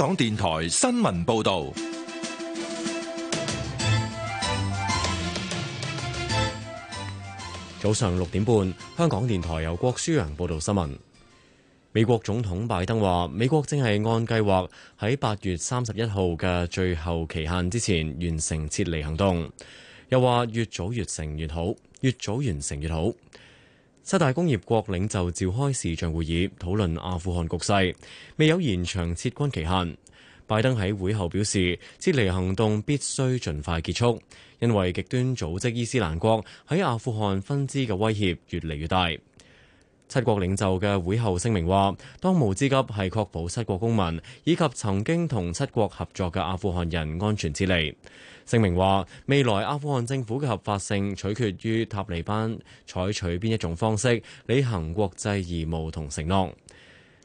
港電台新聞報道，早上六點半，香港電台由郭書陽報道新聞。美國總統拜登話，美國正係按計劃喺八月三十一號嘅最後期限之前完成撤離行動，又話越早越成越好，越早完成越好。七大工業國領袖召開視像會議，討論阿富汗局勢，未有延長撤軍期限。拜登喺會後表示，撤離行動必須盡快結束，因為極端組織伊斯蘭國喺阿富汗分支嘅威脅越嚟越大。七國領袖嘅會後聲明話，當務之急係確保七國公民以及曾經同七國合作嘅阿富汗人安全撤離。聲明話：未來阿富汗政府嘅合法性取決於塔利班採取邊一種方式履行國際義務、同承諾。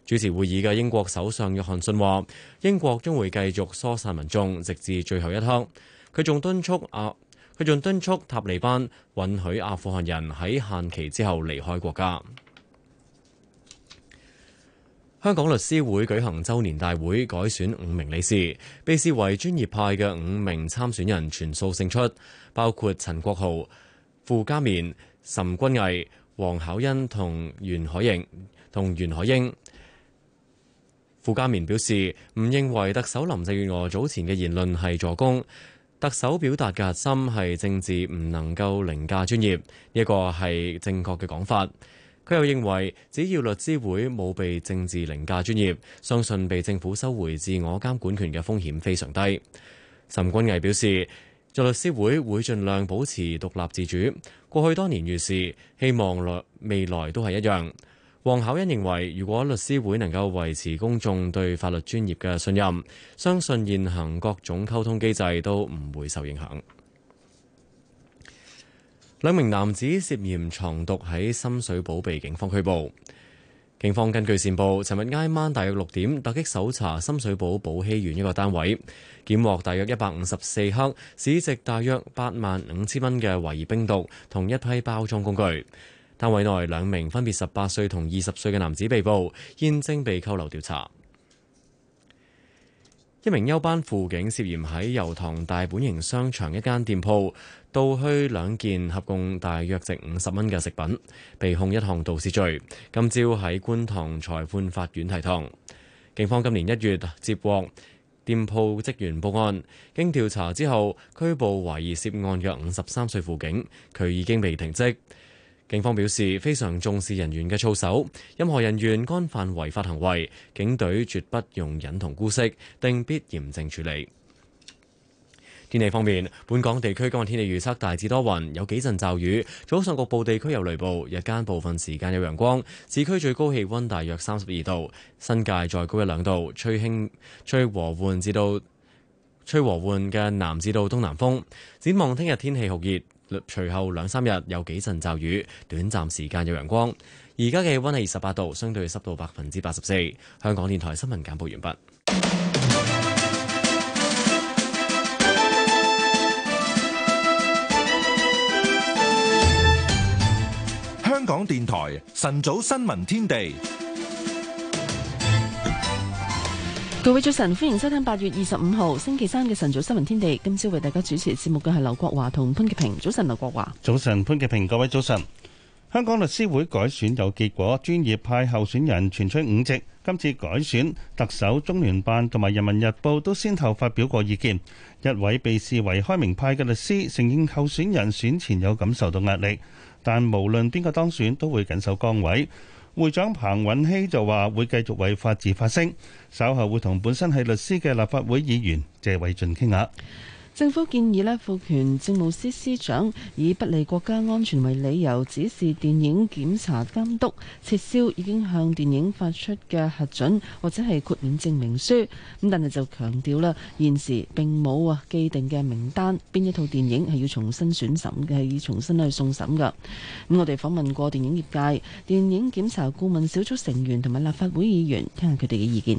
主持會議嘅英國首相約翰遜話：英國將會繼續疏散民眾，直至最後一刻。佢仲敦促啊，佢仲敦促塔利班允許阿富汗人喺限期之後離開國家。香港律師會舉行周年大會，改選五名理事，被視為專業派嘅五名參選人全數勝出，包括陳國豪、傅家綿、岑君毅、黃巧恩同袁海瑩同袁海英。傅家綿表示唔認為特首林鄭月娥早前嘅言論係助攻，特首表達嘅核心係政治，唔能夠凌駕專業，呢一個係正確嘅講法。佢又認為，只要律師會冇被政治凌駕專業，相信被政府收回自我監管權嘅風險非常低。岑君毅表示，做律師會會盡量保持獨立自主，過去多年如是，希望來未來都係一樣。黃巧欣認為，如果律師會能夠維持公眾對法律專業嘅信任，相信現行各種溝通機制都唔會受影響。兩名男子涉嫌藏毒喺深水埗被警方拘捕。警方根據線報，尋日挨晚大約六點突擊搜查深水埗寶熙苑一個單位，檢獲大約一百五十四克，市值大約八萬五千蚊嘅懷疑冰毒同一批包裝工具。單位內兩名分別十八歲同二十歲嘅男子被捕，現正被扣留調查。一名休班輔警涉嫌喺油塘大本營商場一間店鋪盜去兩件合共大約值五十蚊嘅食品，被控一項盜竊罪。今朝喺觀塘裁判法院提堂。警方今年一月接獲店鋪職員報案，經調查之後拘捕懷疑涉案約五十三歲輔警，佢已經被停職。警方表示非常重視人員嘅操守，任何人員干犯違法行為，警隊絕不容忍同姑息，定必嚴正處理。天氣方面，本港地區今日天氣預測大致多雲，有幾陣驟雨，早上局部地區有雷暴，日間部分時間有陽光。市區最高氣温大約三十二度，新界再高一兩度，吹輕吹和緩至到吹和緩嘅南至到東南風。展望聽日天氣酷熱。隨後兩三日有幾陣驟雨，短暫時間有陽光。而家嘅溫度二十八度，相對濕度百分之八十四。香港電台新聞簡報完畢。香港電台晨早新聞天地。各位早晨，歡迎收聽八月二十五號星期三嘅晨早新聞天地。今朝為大家主持節目嘅係劉國華同潘潔平。早晨，劉國華。早晨，潘潔平。各位早晨。香港律師會改選有結果，專業派候選人全取五席。今次改選，特首、中聯辦同埋人民日報都先後發表過意見。一位被視為開明派嘅律師承認候選人選前有感受到壓力，但無論邊個當選都會緊守崗位。會長彭允熙就話會繼續為法治發聲，稍後會同本身係律師嘅立法會議員謝偉俊傾下。政府建議咧，賦權政務司司長以不利國家安全為理由，指示電影檢查監督撤銷已經向電影發出嘅核准或者係豁免證明書。咁但係就強調啦，現時並冇啊既定嘅名單，邊一套電影係要重新選審，係要重新去送審㗎。咁我哋訪問過電影業界、電影檢查顧問小組成員同埋立法會議員，聽下佢哋嘅意見。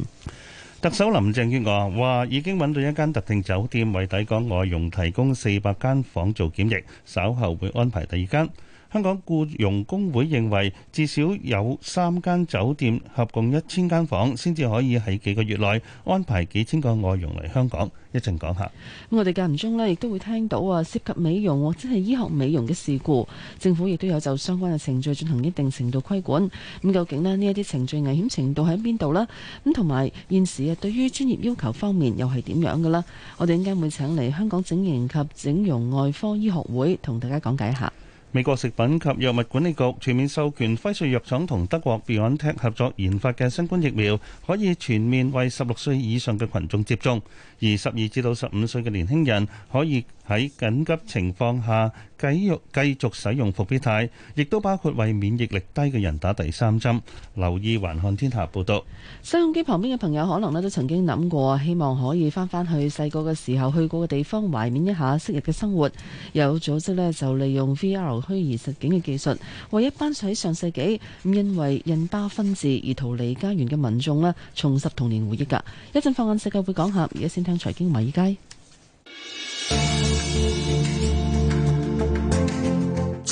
特首林鄭月娥話，已經揾到一間特定酒店為抵港外傭提供四百間房間做檢疫，稍後會安排第二間。香港僱傭工會認為，至少有三間酒店合共一千間房，先至可以喺幾個月內安排幾千個外傭嚟香港。一陣講下。咁，我哋間唔中咧，亦都會聽到啊，涉及美容或者係醫學美容嘅事故，政府亦都有就相關嘅程序進行一定程度規管。咁究竟咧，呢一啲程序危險程度喺邊度咧？咁同埋現時啊，對於專業要求方面又係點樣噶啦？我哋一陣間會請嚟香港整形及整容外科醫學會同大家講解一下。美國食品及藥物管理局全面授權輝瑞藥廠同德國 BioNTech 合作研發嘅新冠疫苗，可以全面為十六歲以上嘅群眾接種，而十二至到十五歲嘅年輕人可以喺緊急情況下，繼續繼續使用復必泰，亦都包括為免疫力低嘅人打第三針。留意環看天下報道，收音機旁邊嘅朋友可能咧都曾經諗過，希望可以翻翻去細個嘅時候去過嘅地方，懷緬一下昔日嘅生活。有組織呢，就利用 VR 虛擬實境嘅技術，為一班喺上世紀因為印巴分治而逃離家園嘅民眾呢，重拾童年回憶㗎。一陣放眼世界會講下，而家先聽財經米爾街。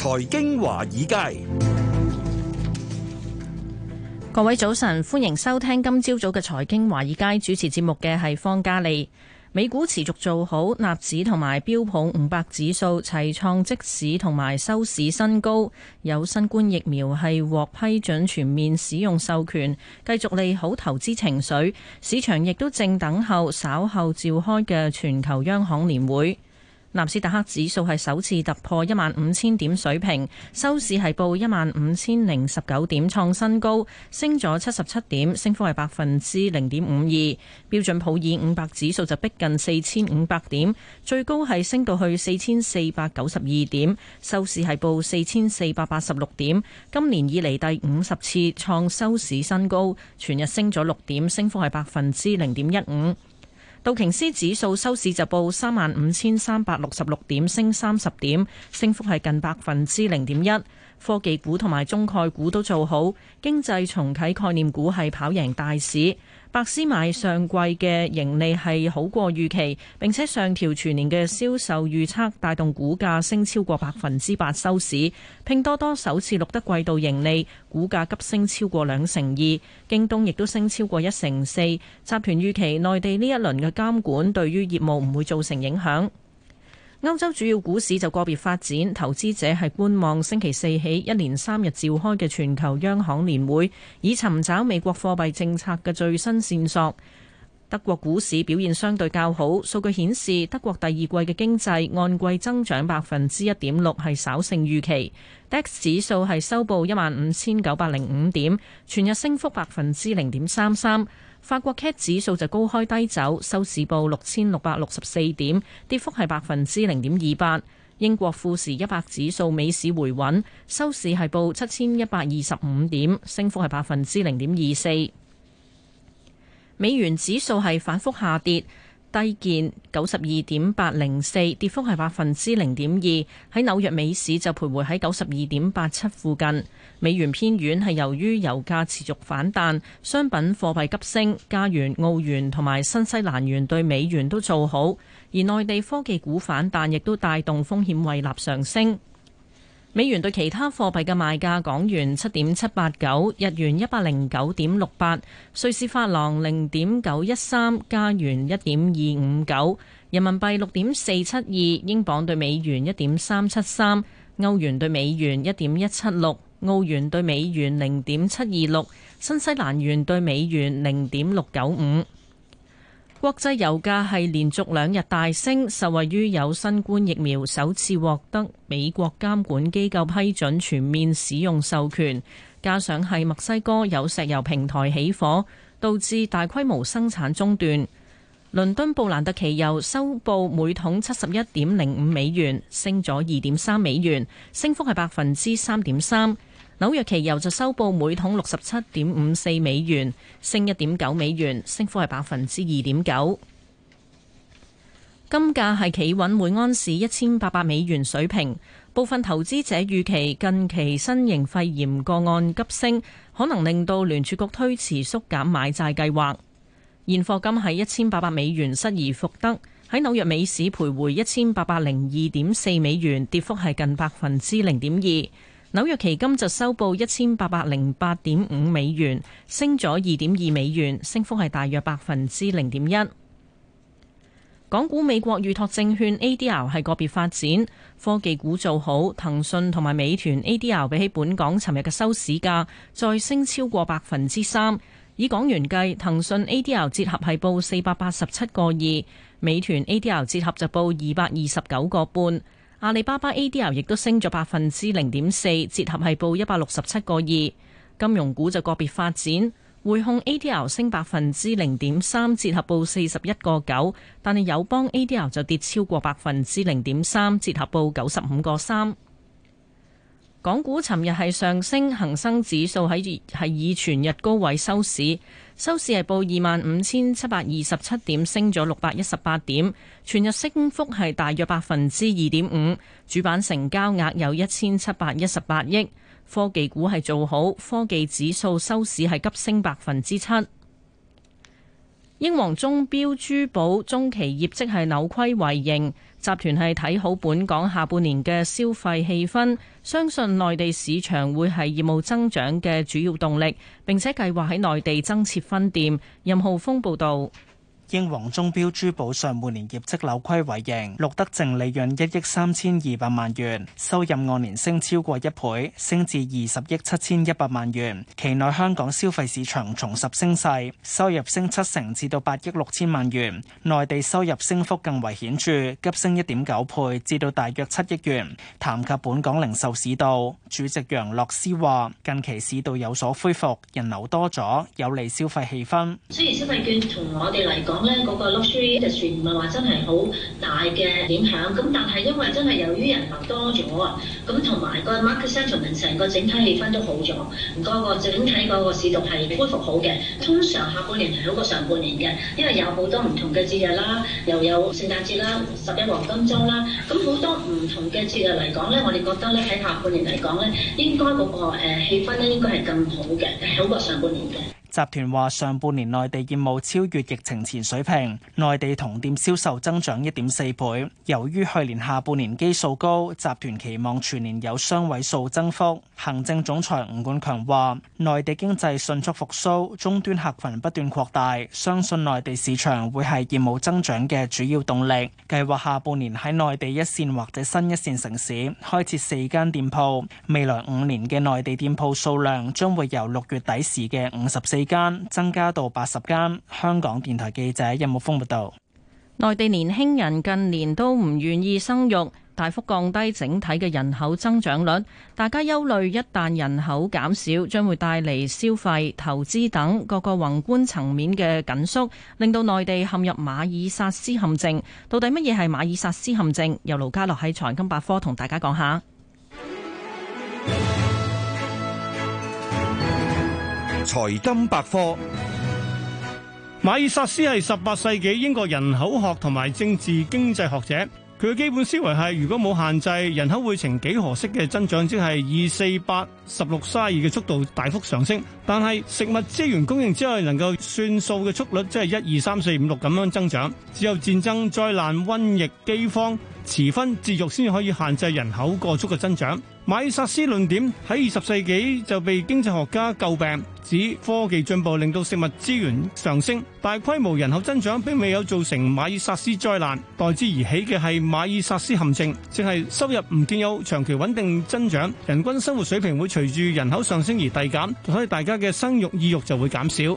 財經華爾街，各位早晨，歡迎收聽今朝早嘅財經華爾街，主持節目嘅係方嘉利。美股持續做好，納指同埋標普五百指數齊創即市同埋收市新高。有新冠疫苗係獲批准全面使用授權，繼續利好投資情緒。市場亦都正等候稍後召開嘅全球央行年會。納斯達克指數係首次突破一萬五千點水平，收市係報一萬五千零十九點，創新高，升咗七十七點，升幅係百分之零點五二。標準普爾五百指數就逼近四千五百點，最高係升到去四千四百九十二點，收市係報四千四百八十六點，今年以嚟第五十次創收市新高，全日升咗六點，升幅係百分之零點一五。道瓊斯指數收市就報三萬五千三百六十六點，升三十點，升幅係近百分之零點一。科技股同埋中概股都做好，經濟重啟概念股係跑贏大市。百思買上季嘅盈利係好過預期，並且上調全年嘅銷售預測，帶動股價升超過百分之八收市。拼多多首次錄得季度盈利，股價急升超過兩成二。京東亦都升超過一成四。集團預期內地呢一輪嘅監管對於業務唔會造成影響。歐洲主要股市就個別發展，投資者係觀望星期四起一連三日召開嘅全球央行年會，以尋找美國貨幣政策嘅最新線索。德國股市表現相對較好，數據顯示德國第二季嘅經濟按季增長百分之一點六，係稍勝預期。DAX 指數係收報一萬五千九百零五點，全日升幅百分之零點三三。法國 CAC 指數就高開低走，收市報六千六百六十四點，跌幅係百分之零點二八。英國富時一百指數美市回穩，收市係報七千一百二十五點，升幅係百分之零點二四。美元指數係反覆下跌。低見九十二點八零四，4, 跌幅係百分之零點二。喺紐約美市就徘徊喺九十二點八七附近。美元偏軟係由於油價持續反彈，商品貨幣急升，加元、澳元同埋新西蘭元對美元都做好。而內地科技股反彈亦都帶動風險胃納上升。美元對其他貨幣嘅賣價：港元七點七八九，日元一百零九點六八，瑞士法郎零點九一三，加元一點二五九，人民幣六點四七二，英鎊對美元一點三七三，歐元對美元一點一七六，澳元對美元零點七二六，新西蘭元對美元零點六九五。國際油價係連續兩日大升，受惠於有新冠疫苗首次獲得美國監管機構批准全面使用授權，加上係墨西哥有石油平台起火，導致大規模生產中斷。倫敦布蘭特期油收報每桶七十一點零五美元，升咗二點三美元，升幅係百分之三點三。紐約期油就收報每桶六十七點五四美元，升一點九美元，升幅係百分之二點九。金價係企穩每安士一千八百美元水平，部分投資者預期近期新型肺炎個案急升，可能令到聯儲局推遲縮減買債計劃。現貨金係一千八百美元失而復得，喺紐約美市徘徊一千八百零二點四美元，跌幅係近百分之零點二。紐約期金就收報一千八百零八點五美元，升咗二點二美元，升幅係大約百分之零點一。港股美國預託證券 ADR 係個別發展，科技股做好，騰訊同埋美團 ADR 比起本港尋日嘅收市價再升超過百分之三。以港元計，騰訊 ADR 折合係報四百八十七個二，美團 ADR 折合就報二百二十九個半。阿里巴巴 ADR 亦都升咗百分之零點四，折合係報一百六十七個二。金融股就個別發展，匯控 ADR 升百分之零點三，折合報四十一個九。但係友邦 ADR 就跌超過百分之零點三，折合報九十五個三。港股尋日係上升，恒生指數喺係以全日高位收市。收市係報二萬五千七百二十七點，升咗六百一十八點，全日升幅係大約百分之二點五。主板成交額有一千七百一十八億，科技股係做好，科技指數收市係急升百分之七。英皇鐘錶珠寶中期業績係扭虧為盈，集團係睇好本港下半年嘅消費氣氛，相信內地市場會係業務增長嘅主要動力，並且計劃喺內地增設分店。任浩峰報導。英皇鐘錶珠寶上半年業績扭虧為盈，錄得淨利潤一億三千二百萬元，收入按年升超過一倍，升至二十億七千一百萬元。期內香港消費市場重拾升勢，收入升七成至到八億六千萬元。內地收入升幅更為顯著，急升一點九倍至到大約七億元。談及本港零售市道，主席楊樂思話：近期市道有所恢復，人流多咗，有利消費氣氛。雖然消費券同我哋嚟講，講咧嗰個 luxury 就算唔係話真係好大嘅影響，咁但係因為真係由於人流多咗啊，咁同埋個 market sentiment 成個整體氣氛都好咗，個個整體嗰個市道係恢復好嘅。通常下半年係好過上半年嘅，因為有好多唔同嘅節日啦，又有聖誕節啦、十一黃金周啦，咁好多唔同嘅節日嚟講咧，我哋覺得咧喺下半年嚟講咧，應該個個誒氣氛咧應該係更好嘅，好過上半年嘅。集團話上半年內地業務超越疫情前水平，內地同店銷售增長一點四倍。由於去年下半年基數高，集團期望全年有雙位數增幅。行政總裁吳冠強話：內地經濟迅速復甦，終端客群不斷擴大，相信內地市場會係業務增長嘅主要動力。計劃下半年喺內地一綫或者新一綫城市開設四間店鋪。未來五年嘅內地店鋪數量將會由六月底時嘅五十四間增加到八十間。香港電台記者任木峰報道：內地年輕人近年都唔願意生育，大幅降低整體嘅人口增長率。大家憂慮一旦人口減少，將會帶嚟消費、投資等各個宏觀層面嘅緊縮，令到內地陷入馬爾薩斯陷阱。到底乜嘢係馬爾薩斯陷阱？由盧家樂喺財經百科同大家講下。 財金百科，馬爾薩斯係十八世紀英國人口學同埋政治經濟學者。佢嘅基本思維係，如果冇限制，人口會呈幾何式嘅增長，即係二四八十六三十二嘅速度大幅上升。但係食物資源供應之外，能夠算數嘅速率，即係一二三四五六咁樣增長。只有戰爭、災難、瘟疫、饑荒、遲婚節育先可以限制人口過速嘅增長。馬爾薩斯論點喺二十世紀就被經濟學家詬病，指科技進步令到食物資源上升，大規模人口增長並未有造成馬爾薩斯災難，代之而起嘅係馬爾薩斯陷阱，正係收入唔見有長期穩定增長，人均生活水平會隨住人口上升而遞減，所以大家嘅生育意欲就會減少。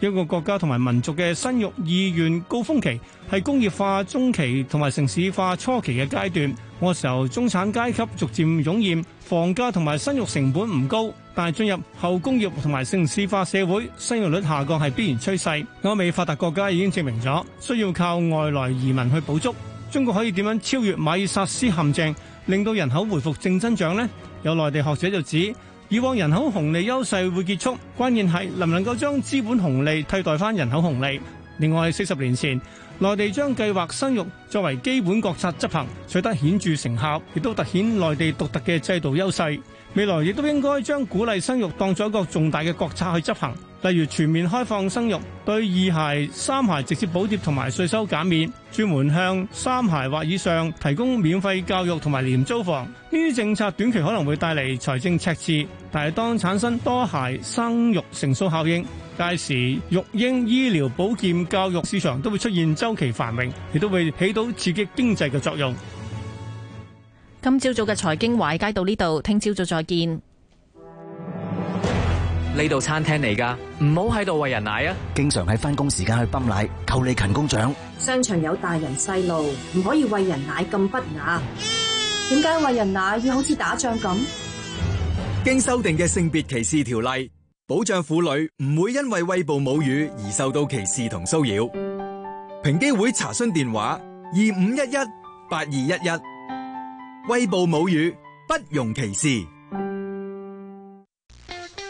一個國家同埋民族嘅生育意願高峰期，係工業化中期同埋城市化初期嘅階段。嗰時候中產階級逐漸湧現，房價同埋生育成本唔高，但係進入後工業同埋城市化社會，生育率下降係必然趨勢。歐美發達國家已經證明咗，需要靠外來移民去補足。中國可以點樣超越馬爾薩斯陷阱，令到人口回復正增長呢？有內地學者就指，以往人口紅利優勢會結束，關鍵係能唔能夠將資本紅利替代翻人口紅利。另外，四十年前內地將計劃生育作為基本國策執行，取得顯著成效，亦都凸顯內地獨特嘅制度優勢。未來亦都應該將鼓勵生育當作一個重大嘅國策去執行。例如全面開放生育，對二孩、三孩直接補貼同埋稅收減免，專門向三孩或以上提供免費教育同埋廉租房。呢啲政策短期可能會帶嚟財政赤字，但係當產生多孩生育乘數效應，屆時育嬰、醫療、保健、教育市場都會出現週期繁榮，亦都會起到刺激經濟嘅作用。今朝早嘅財經懷街到呢度，聽朝早再見。呢度餐廳嚟㗎唔好喺度餵人奶啊！經常喺翻工時間去泵奶，扣你勤工獎。商場有大人細路，唔可以餵人奶咁不雅。點解餵人奶要好似打仗咁？經修訂嘅性別歧視條例，保障婦女唔會因為餵哺母乳而受到歧視同騷擾。平機會查詢電話：二五一一八二一一。餵哺母乳，不容歧視。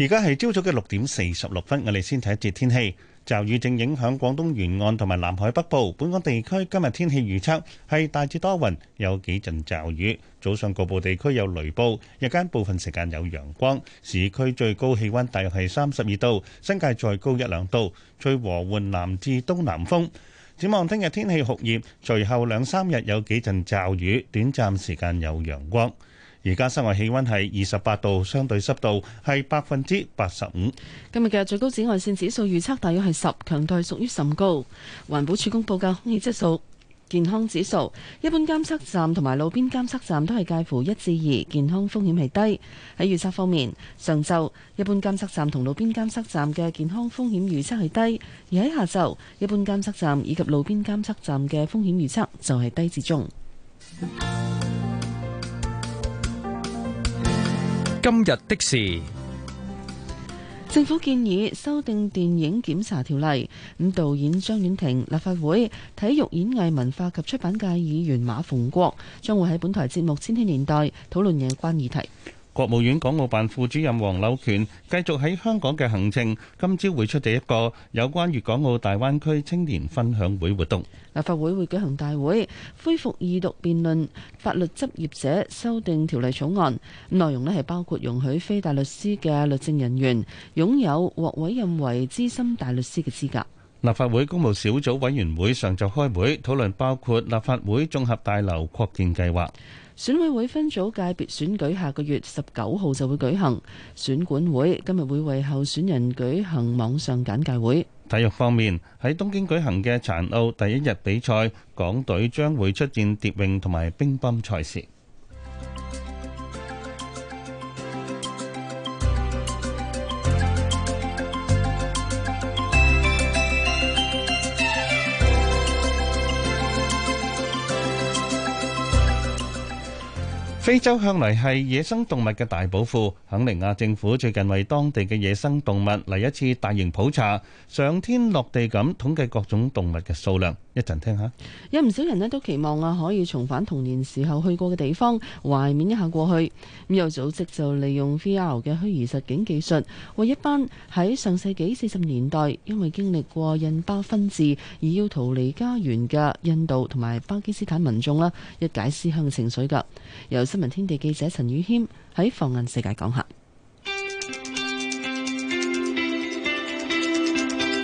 而家係朝早嘅六點四十六分，我哋先睇一節天氣。驟雨正影響廣東沿岸同埋南海北部，本港地區今日天，天氣預測係大致多雲，有幾陣驟雨，早上局部地區有雷暴，日間部分時間有陽光。市區最高氣溫大約係三十二度，新界再高一兩度，吹和緩南至東南風。展望聽日天，天氣酷熱，隨後兩三日有幾陣驟雨，短暫時間有陽光。而家室外氣溫係二十八度，相對濕度係百分之八十五。今日嘅最高紫外線指數預測大約係十，強度屬於甚高。環保署公布嘅空氣質素健康指數，一般監測站同埋路邊監測站都係介乎一至二，健康風險係低。喺預測方面，上晝一般監測站同路邊監測站嘅健康風險預測係低，而喺下晝一般監測站以及路邊監測站嘅風險預測就係低至中。今日的事，政府建議修訂電影檢查條例。咁導演張婉婷、立法會體育演藝文化及出版界議員馬逢國，將會喺本台節目《千禧年代》討論有關議題。國務院港澳辦副主任黃柳權繼續喺香港嘅行程，今朝會出席一個有關粵港澳大灣區青年分享會活動。立法會會舉行大會，恢復二讀辯論法律執業者修訂條例草案，咁內容呢係包括容許非大律師嘅律政人員擁有獲委任為資深大律師嘅資格。立法會公務小組委員會上晝開會討論，討論包括立法會綜合大樓擴建計劃。選委會分組界別選舉下個月十九號就會舉行，選管會今日會為候選人舉行網上簡介會。體育方面，喺東京舉行嘅殘奧第一日比賽，港隊將會出戰蝶泳同埋乒乓賽事。非洲向嚟係野生動物嘅大寶庫，肯尼亞政府最近為當地嘅野生動物嚟一次大型普查，上天落地咁統計各種動物嘅數量。一陣聽下，有唔少人咧都期望啊，可以重返童年時候去過嘅地方，懷緬一下過去。咁有組織就利用 VR 嘅虛擬實境技術，為一班喺上世紀四十年代因為經歷過印巴分治而要逃離家園嘅印度同埋巴基斯坦民眾啦，一解思鄉嘅情緒。噶由新聞天地記者陳宇謙喺放眼世界講下，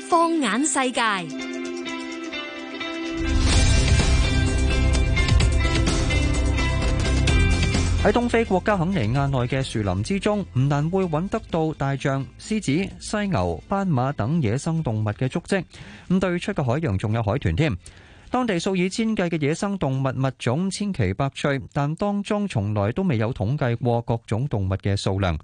放眼世界。喺東非國家肯尼亞內嘅樹林之中，唔難會揾得到大象、獅子、犀牛、斑馬等野生動物嘅足迹。咁對出嘅海洋仲有海豚添。當地數以千計嘅野生動物物種千奇百趣，但當中從來都未有統計過各種動物嘅數量。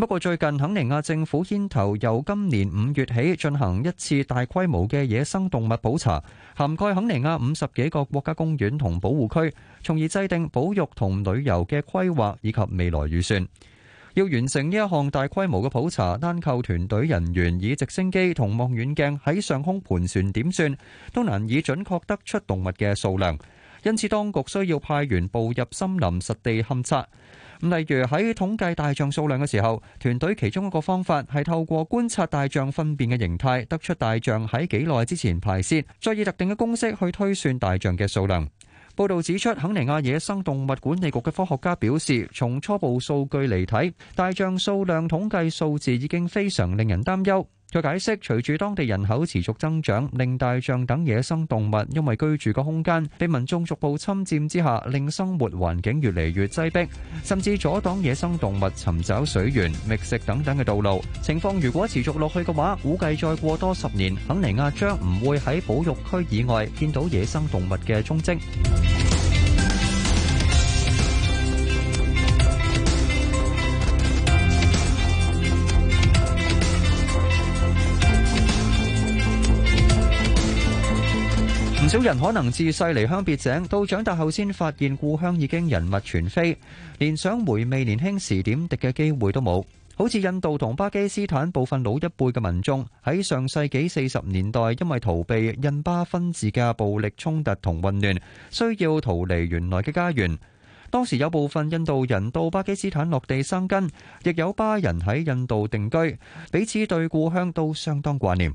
不過最近肯尼亞政府牽頭由今年五月起進行一次大規模嘅野生動物普查，涵蓋肯尼亞五十幾個國家公園同保護區，從而制定保育同旅遊嘅規劃以及未來預算。要完成呢一項大規模嘅普查，單靠團隊人員以直升機同望遠鏡喺上空盤旋點算，都難以準確得出動物嘅數量。因此，當局需要派員步入森林實地勘察。咁例如喺統計大象數量嘅時候，團隊其中一個方法係透過觀察大象糞便嘅形態，得出大象喺幾耐之前排泄，再以特定嘅公式去推算大象嘅數量。報導指出，肯尼亞野生動物管理局嘅科學家表示，從初步數據嚟睇，大象數量統計數字已經非常令人擔憂。佢解釋，隨住當地人口持續增長，令大象等野生動物因為居住個空間被民眾逐步侵佔之下，令生活環境越嚟越擠迫，甚至阻擋野生動物尋找水源、覓食等等嘅道路。情況如果持續落去嘅話，估計再過多十年，肯尼亞將唔會喺保育區以外見到野生動物嘅蹤跡。少人可能自細離鄉別井，到長大後先發現故鄉已經人物全非，連想回味年輕時點滴嘅機會都冇。好似印度同巴基斯坦部分老一輩嘅民眾喺上世紀四十年代，因為逃避印巴分治嘅暴力衝突同混亂，需要逃離原來嘅家園。當時有部分印度人到巴基斯坦落地生根，亦有巴人喺印度定居，彼此對故鄉都相當掛念。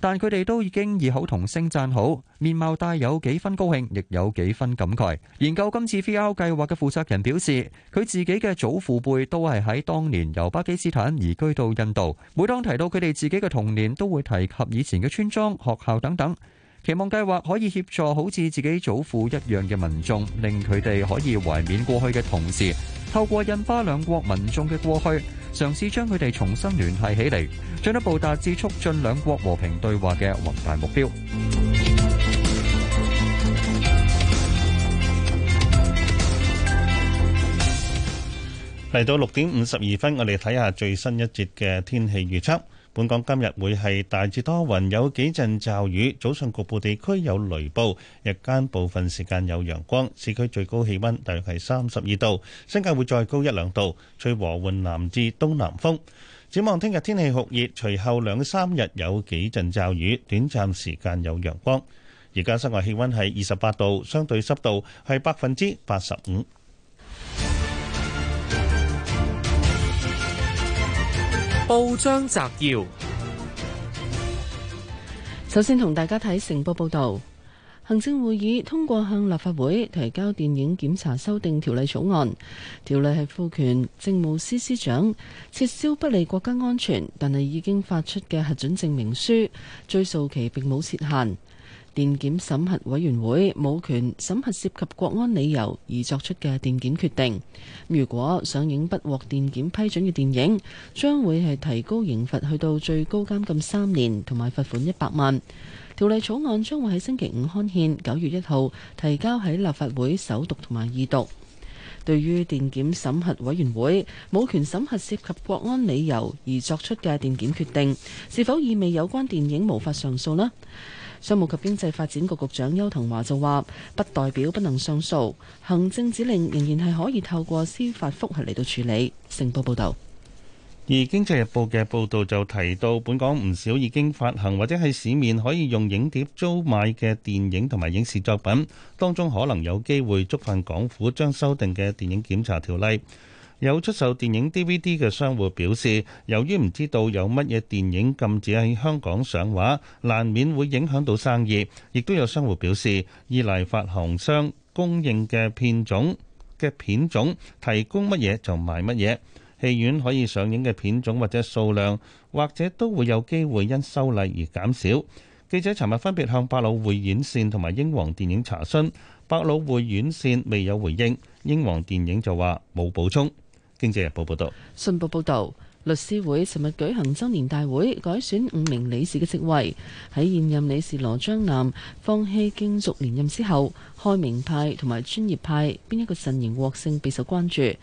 但佢哋都已經異口同聲讚好，面貌帶有幾分高興，亦有幾分感慨。研究今次 VR 計劃嘅負責人表示，佢自己嘅祖父輩都係喺當年由巴基斯坦移居到印度，每當提到佢哋自己嘅童年，都會提及以前嘅村莊、學校等等。期望計劃可以協助好似自己祖父一樣嘅民眾，令佢哋可以懷緬過去嘅同時，透過印巴兩國民眾嘅過去，嘗試將佢哋重新聯繫起嚟，進一步達至促進兩國和平對話嘅宏大目標。嚟到六點五十二分，我哋睇下最新一節嘅天氣預測。本港今日會係大致多雲，有幾陣驟雨，早上局部地區有雷暴，日間部分時間有陽光。市區最高氣溫大約係三十二度，新界會再高一兩度，吹和緩南至東南風。展望聽日天氣酷熱，隨後兩三日有幾陣驟雨，短暫時間有陽光。而家室外氣温係二十八度，相對濕度係百分之八十五。報章摘要：首先同大家睇《成報》報道，行政會議通過向立法會提交電影檢查修訂條例草案，條例係賦權政務司司長撤銷不利國家安全但係已經發出嘅核准證明書，追溯期並冇設限。電檢審核委員會冇權審核涉及國安理由而作出嘅電檢決定。如果上映不獲電檢批准嘅電影，將會係提高刑罰去到最高監禁三年，同埋罰款一百萬。條例草案將會喺星期五刊憲，九月一號提交喺立法會首讀同埋二讀。對於電檢審核委員會冇權審核涉及國安理由而作出嘅電檢決定，是否意味有關電影無法上訴呢？商務及經濟發展局局長邱騰華就話：不代表不能上訴，行政指令仍然係可以透過司法複核嚟到處理。成報報道，而《經濟日報》嘅報道就提到，本港唔少已經發行或者喺市面可以用影碟租買嘅電影同埋影視作品當中，可能有機會觸犯港府將修訂嘅電影檢查條例。有出售電影 DVD 嘅商戶表示，由於唔知道有乜嘢電影禁止喺香港上畫，難免會影響到生意。亦都有商戶表示，依賴發行商供應嘅片種嘅片種，提供乜嘢就賣乜嘢。戲院可以上映嘅片種或者數量，或者都會有機會因修例而減少。記者尋日分別向百老匯院線同埋英皇電影查詢，百老匯院線未有回應，英皇電影就話冇補充。《經濟日報》報道，《信報》報導，律師會尋日舉行周年大會，改選五名理事嘅職位。喺現任理事羅章南放棄競逐連任之後，開明派同埋專業派邊一個陣營獲勝備受關注。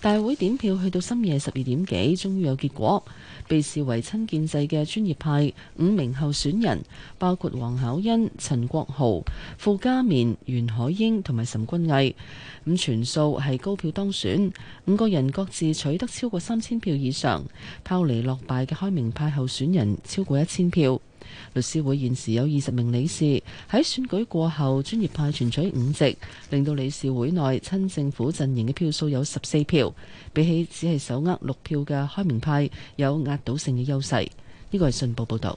大會點票去到深夜十二點幾，終於有結果。被視為親建制嘅專業派五名候選人，包括黃巧恩、陳國豪、傅嘉綿、袁海英同埋岑君毅。五全數係高票當選，五個人各自取得超過三千票以上，拋離落敗嘅開明派候選人超過一千票。律師會現時有二十名理事喺選舉過後專業派全取五席，令到理事會內親政府陣營嘅票數有十四票，比起只係手握六票嘅開明派有壓倒性嘅優勢。呢個係信報報道。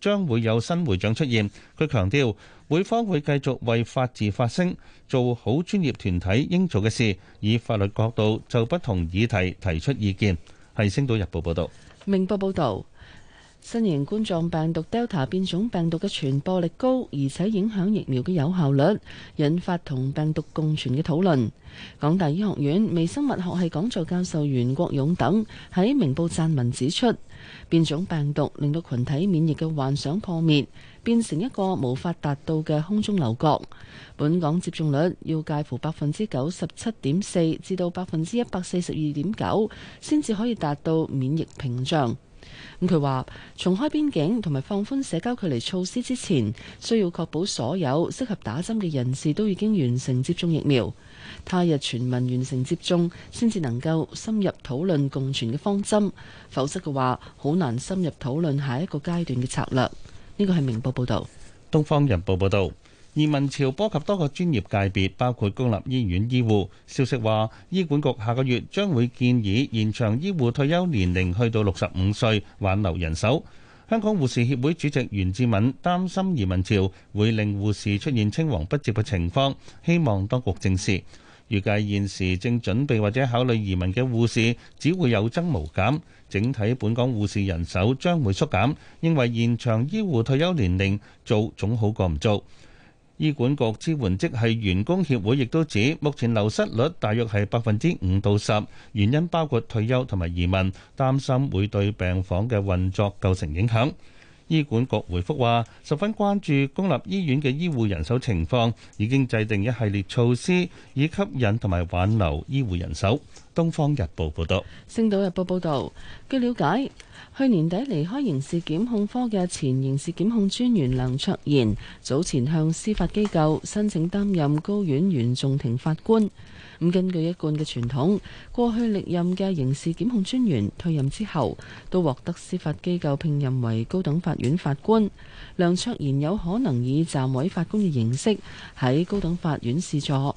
將會有新會長出現。佢強調，會方會繼續為法治發聲，做好專業團體應做嘅事，以法律角度就不同議題提出意見。係《星島日報》報導。明報報導，新型冠狀病毒 Delta 變種病毒嘅傳播力高，而且影響疫苗嘅有效率，引發同病毒共存嘅討論。港大醫學院微生物學系講座教授袁國勇等喺明報撰文指出。變種病毒令到群體免疫嘅幻想破滅，變成一個無法達到嘅空中樓閣。本港接種率要介乎百分之九十七點四至到百分之一百四十二點九，先至可以達到免疫屏障。咁佢話重開邊境同埋放寬社交距離措施之前，需要確保所有適合打針嘅人士都已經完成接種疫苗。他日全民完成接種，先至能夠深入討論共存嘅方針；否則嘅話，好難深入討論下一個階段嘅策略。呢個係明報報導，《東方日報》報導移民潮波及多個專業界別，包括公立醫院醫護。消息話，醫管局下個月將會建議延長醫護退休年齡去到六十五歲，挽留人手。香港護士協會主席袁志敏擔心移民潮會令護士出現青黃不接嘅情況，希望當局正視。預計現時正準備或者考慮移民嘅護士只會有增無減，整體本港護士人手將會縮減，認為延長醫護退休年齡做總好過唔做。醫管局支援職系員工協會亦都指，目前流失率大約係百分之五到十，原因包括退休同埋移民，擔心會對病房嘅運作構成影響。醫管局回覆話，十分關注公立醫院嘅醫護人手情況，已經制定一系列措施，以吸引同埋挽留醫護人手。東方日報報道，星島日報報道，據了解。去年底離開刑事檢控科嘅前刑事檢控專員梁卓然，早前向司法機構申請擔任高院原訟庭法官。咁根據一貫嘅傳統，過去歷任嘅刑事檢控專員退任之後，都獲得司法機構聘任為高等法院法官。梁卓然有可能以暫委法官嘅形式喺高等法院試坐。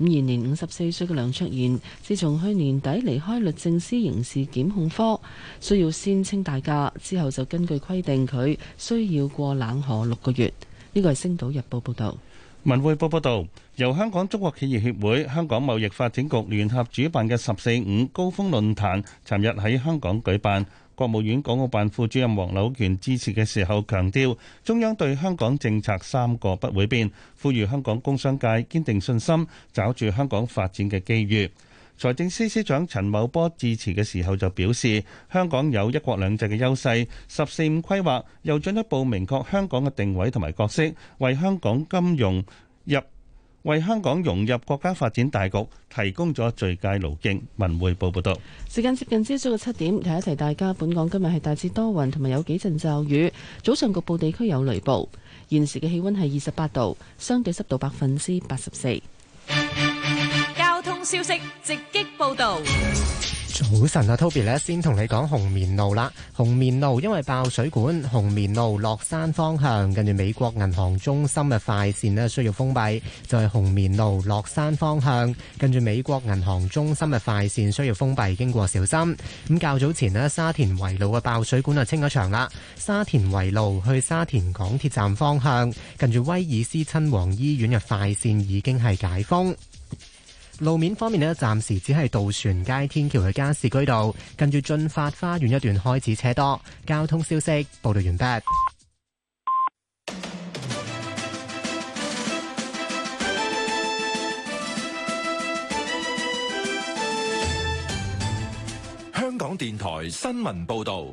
咁現年五十四歲嘅梁卓然，自從去年底離開律政司刑事檢控科，需要先清。大家之後就根據規定，佢需要過冷河六個月。呢個係《星島日報》報導。文匯報報導，由香港中國企業協會、香港貿易發展局聯合主辦嘅「十四五」高峰論壇，尋日喺香港舉辦。國務院港澳辦副主任黃柳權致辭嘅時候，強調中央對香港政策三個不會變，呼籲香港工商界堅定信心，抓住香港發展嘅機遇。財政司司長陳茂波致辭嘅時候就表示，香港有一國兩制嘅優勢，十四五規劃又進一步明確香港嘅定位同埋角色，為香港金融入為香港融入國家發展大局提供咗最佳路徑。文匯報報道，時間接近朝早嘅七點，提一提大家，本港今日係大致多雲同埋有幾陣驟雨，早上局部地區有雷暴。現時嘅氣温係二十八度，相對濕度百分之八十四。消息直擊報道。早晨啊，Toby 咧，先同你講紅棉路啦。紅棉路因為爆水管，紅棉路落山方向近住美國銀行中心嘅快線咧，需要封閉，就係紅棉路落山方向跟住美國銀行中心嘅快線需要封閉，就是，經過小心。咁較早前咧，沙田圍路嘅爆水管就清咗場啦，沙田圍路去沙田港鐵站方向，近住威爾斯親王醫院嘅快線已經係解封。路面方面呢，暫時只係渡船街天橋嘅加士居道，近住駿發花園一段開始車多。交通消息報道完畢。香港電台新聞報道。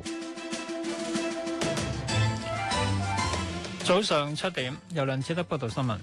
早上七點，由梁志德報道新聞。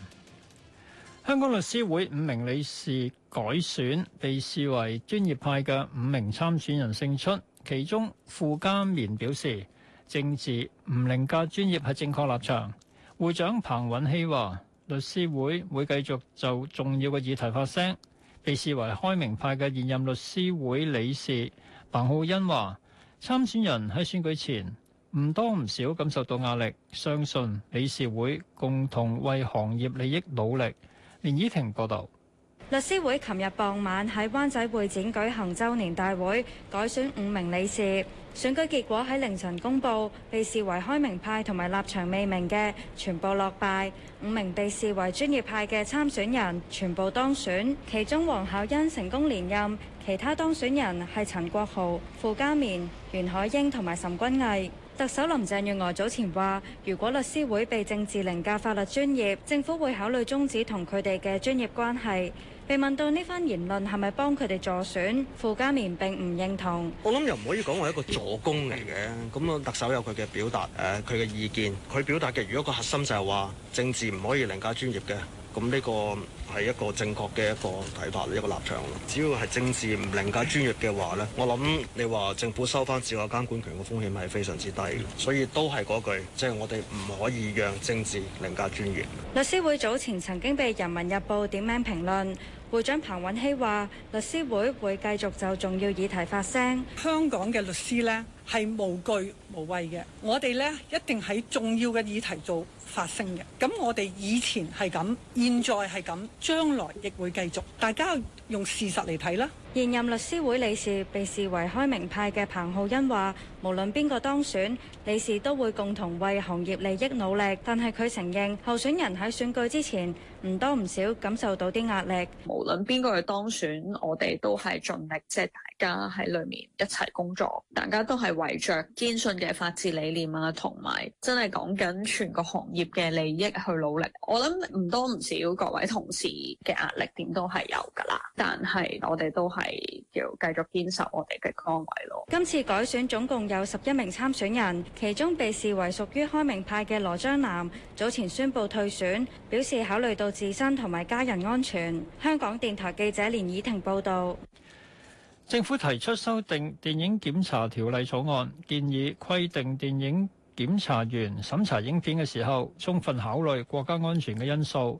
香港律師會五名理事改選，被視為專業派嘅五名參選人勝出。其中，傅家棉表示政治唔凌駕專業係正確立場。會長彭允熙話：律師會會繼續就重要嘅議題發聲。被視為開明派嘅現任律師會理事彭浩欣話：參選人喺選舉前唔多唔少感受到壓力，相信理事會共同為行業利益努力。連依婷報道，律師會琴日傍晚喺灣仔會展舉行周年大會，改選五名理事。選舉結果喺凌晨公布，被視為開明派同埋立場未明嘅，全部落敗；五名被視為專業派嘅參選人全部當選，其中黃巧恩成功連任，其他當選人係陳國豪、傅家綿、袁海英同埋岑君毅。特首林鄭月娥早前話：如果律師會被政治凌駕法律專業，政府會考慮終止同佢哋嘅專業關係。被問到呢番言論係咪幫佢哋助選，傅家綿並唔認同。我諗又唔可以講我一個助攻嚟嘅，咁啊，特首有佢嘅表達，誒佢嘅意見，佢表達嘅如果個核心就係話政治唔可以凌駕專業嘅。咁呢個係一個正確嘅一個睇法，一個立場。只要係政治唔凌駕專業嘅話呢，我諗你話政府收翻自我監管權嘅風險係非常之低，所以都係嗰句，即係我哋唔可以讓政治凌駕專業。律師會早前曾經被《人民日報》點名評論，會長彭允熙話：律師會會繼續就重要議題發聲。香港嘅律師呢係無懼無畏嘅，我哋呢一定喺重要嘅議題做。發生嘅，咁我哋以前係咁，現在係咁，將來亦會繼續。大家用事實嚟睇啦。現任律師會理事被視為開明派嘅彭浩欣話：無論邊個當選，理事都會共同為行業利益努力。但係佢承認，候選人喺選舉之前唔多唔少感受到啲壓力。無論邊個去當選，我哋都係盡力，即係大家喺裏面一齊工作，大家都係圍著堅信嘅法治理念啊，同埋真係講緊全個行業嘅利益去努力，我諗唔多唔少各位同事嘅壓力點都係有噶啦，但係我哋都係要繼續堅守我哋嘅崗位咯。今次改選總共有十一名參選人，其中被視為屬於開明派嘅羅章南早前宣布退選，表示考慮到自身同埋家人安全。香港電台記者連倚婷報道。政府提出修訂電影檢查條例草案，建議規定電影。檢查員審查影片嘅時候，充分考慮國家安全嘅因素。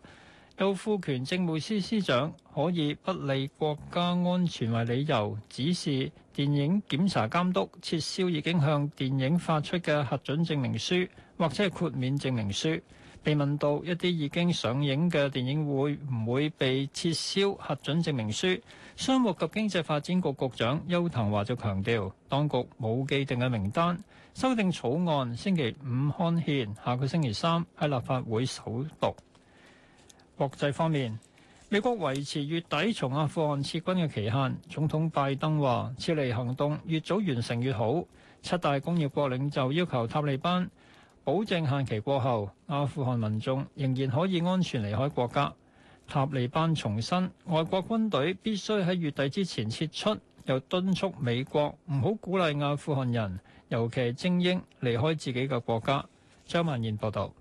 又賦權政務司司長可以不利國家安全為理由，指示電影檢查監督撤銷已經向電影發出嘅核准證明書，或者係豁免證明書。被問到一啲已經上映嘅電影會唔會被撤銷核准證明書，商務及經濟發展局局局長邱騰華就強調，當局冇既定嘅名單。修訂草案星期五刊憲，下個星期三喺立法會首讀。國際方面，美國維持月底從阿富汗撤軍嘅期限。總統拜登話：撤離行動越早完成越好。七大工業國領袖要求塔利班保證限期過後，阿富汗民眾仍然可以安全離開國家。塔利班重申，外國軍隊必須喺月底之前撤出，又敦促美國唔好鼓勵阿富汗人。尤其精英離開自己嘅國家。張曼燕報道。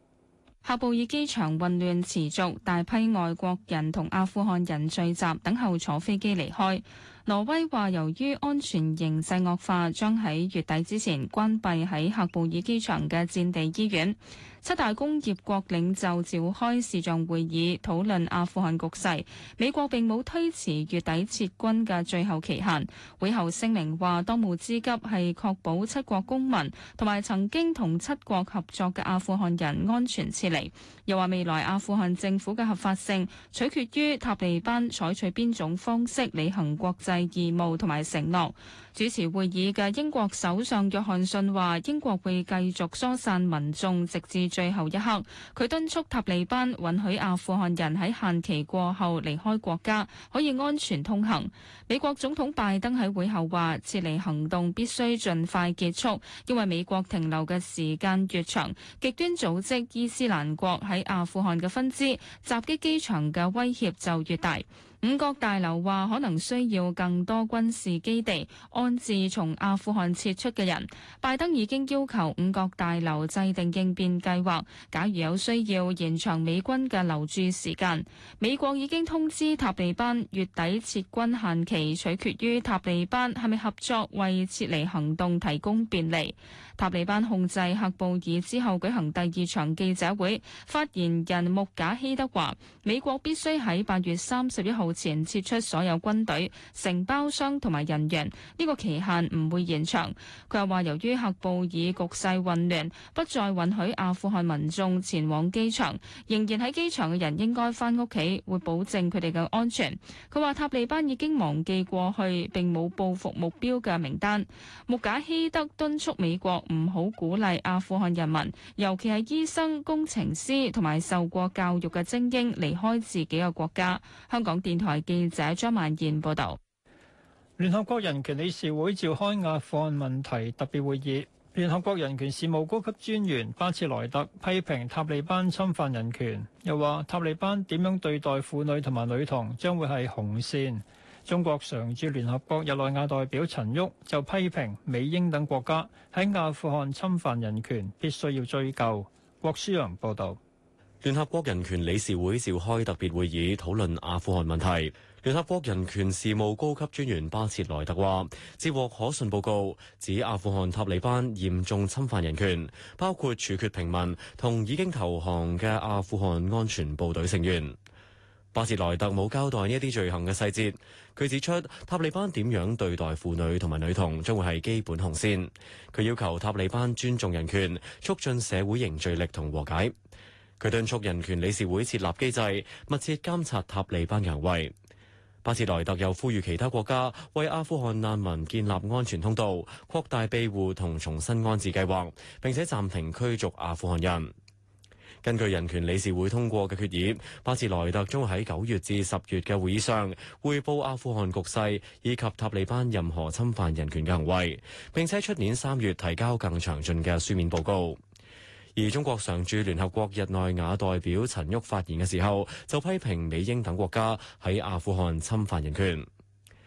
喀布爾機場混亂持續，大批外國人同阿富汗人聚集等候坐飛機離開。挪威話，由於安全形勢惡化，將喺月底之前關閉喺喀布爾機場嘅戰地醫院。七大工業國領袖召開視像會議，討論阿富汗局勢。美國並冇推遲月底撤軍嘅最後期限。會後聲明話，當務之急係確保七國公民同埋曾經同七國合作嘅阿富汗人安全撤離。又話未來阿富汗政府嘅合法性取決於塔利班採取邊種方式履行國際義務同埋承諾。主持會議嘅英國首相約翰遜話：英國會繼續疏散民眾，直至最後一刻。佢敦促塔利班允許阿富汗人喺限期過後離開國家，可以安全通行。美國總統拜登喺會後話：撤離行動必須盡快結束，因為美國停留嘅時間越長，極端組織伊斯蘭國喺阿富汗嘅分支襲擊機場嘅威脅就越大。五角大樓話可能需要更多軍事基地安置從阿富汗撤出嘅人。拜登已經要求五角大樓制定應變計劃，假如有需要延長美軍嘅留駐時間。美國已經通知塔利班月底撤軍限期取決於塔利班係咪合作為撤離行動提供便利。塔利班控制喀布爾之後舉行第二場記者會，發言人穆賈希德話：美國必須喺八月三十一號。目前撤出所有軍隊、承包商同埋人員，呢個期限唔會延長。佢又話，由於喀布爾局勢混亂，不再允許阿富汗民眾前往機場。仍然喺機場嘅人應該翻屋企，會保證佢哋嘅安全。佢話塔利班已經忘記過去，並冇報復目標嘅名單。穆賈希德敦促美國唔好鼓勵阿富汗人民，尤其係醫生、工程師同埋受過教育嘅精英離開自己嘅國家。香港電。電台記者張曼燕報道，聯合國人權理事會召開阿富汗問題特別會議。聯合國人權事務高級專員巴切萊特批評塔利班侵犯人權，又話塔利班點樣對待婦女同埋女童將會係紅線。中國常駐聯合國日內瓦代表陳旭就批評美英等國家喺阿富汗侵犯人權，必須要追究。郭書陽報道。聯合國人權理事會召開特別會議，討論阿富汗問題。聯合國人權事務高級專員巴切萊特話，接獲可信報告，指阿富汗塔利班嚴重侵犯人權，包括處決平民同已經投降嘅阿富汗安全部隊成員。巴切萊特冇交代呢一啲罪行嘅細節。佢指出，塔利班點樣對待婦女同埋女童，將會係基本紅線。佢要求塔利班尊重人權，促進社會凝聚力同和解。佢敦促人權理事會設立機制，密切監察塔利班行為，巴切萊特又呼籲其他國家為阿富汗難民建立安全通道，擴大庇護同重新安置計劃，並且暫停驅逐阿富汗人。根據人權理事會通過嘅決議，巴切萊特將喺九月至十月嘅會議上，匯報阿富汗局勢以及塔利班任何侵犯人權嘅行為，並且出年三月提交更詳盡嘅書面報告。而中國常駐聯合國日內瓦代表陳旭發言嘅時候，就批評美英等國家喺阿富汗侵犯人權。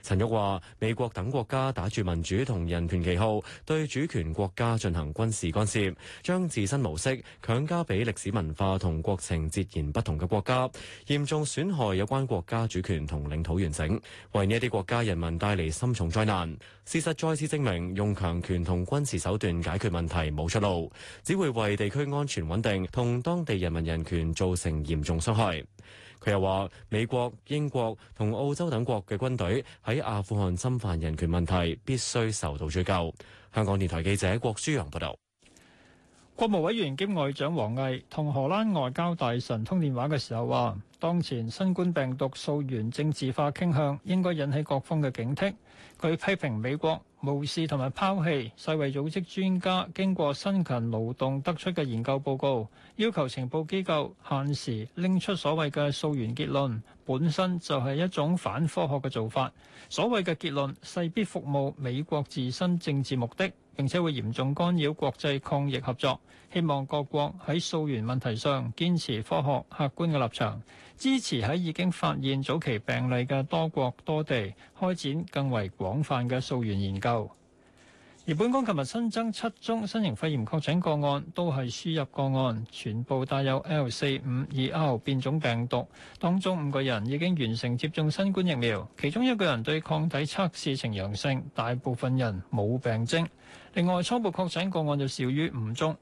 陳玉話：美國等國家打住民主同人權旗號，對主權國家進行軍事干涉，將自身模式強加俾歷史文化同國情截然不同嘅國家，嚴重損害有關國家主權同領土完整，為呢一啲國家人民帶嚟深重災難。事實再次證明，用強權同軍事手段解決問題冇出路，只會為地區安全穩定同當地人民人權造成嚴重傷害。又話美國、英國同澳洲等國嘅軍隊喺阿富汗侵犯人權問題必須受到追究。香港電台記者郭舒揚報道，國務委員兼外長王毅同荷蘭外交大臣通電話嘅時候話，當前新冠病毒溯源政治化傾向應該引起各方嘅警惕。佢批評美國無視同埋拋棄世衛組織專家經過辛勤勞動得出嘅研究報告，要求情報機構限時拎出所謂嘅溯源結論，本身就係一種反科學嘅做法。所謂嘅結論勢必服務美國自身政治目的，並且會嚴重干擾國際抗疫合作。希望各國喺溯源問題上堅持科學客觀嘅立場。支持喺已經發現早期病例嘅多國多地開展更為廣泛嘅溯源研究。而本港琴日新增七宗新型肺炎確診個案，都係輸入個案，全部帶有 L 四五二 R 變種病毒。當中五個人已經完成接種新冠疫苗，其中一個人對抗體測試呈陽性，大部分人冇病徵。另外，初步確診個案就少於五宗。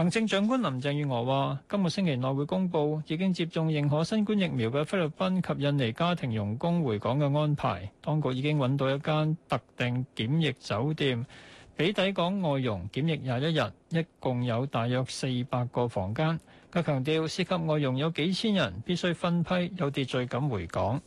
行政長官林鄭月娥話：今個星期內會公布已經接種認可新冠疫苗嘅菲律賓及印尼家庭傭工回港嘅安排。當局已經揾到一間特定檢疫酒店，俾抵港外傭檢疫廿一日，一共有大約四百個房間。佢強調，涉及外傭有幾千人，必須分批有秩序咁回港。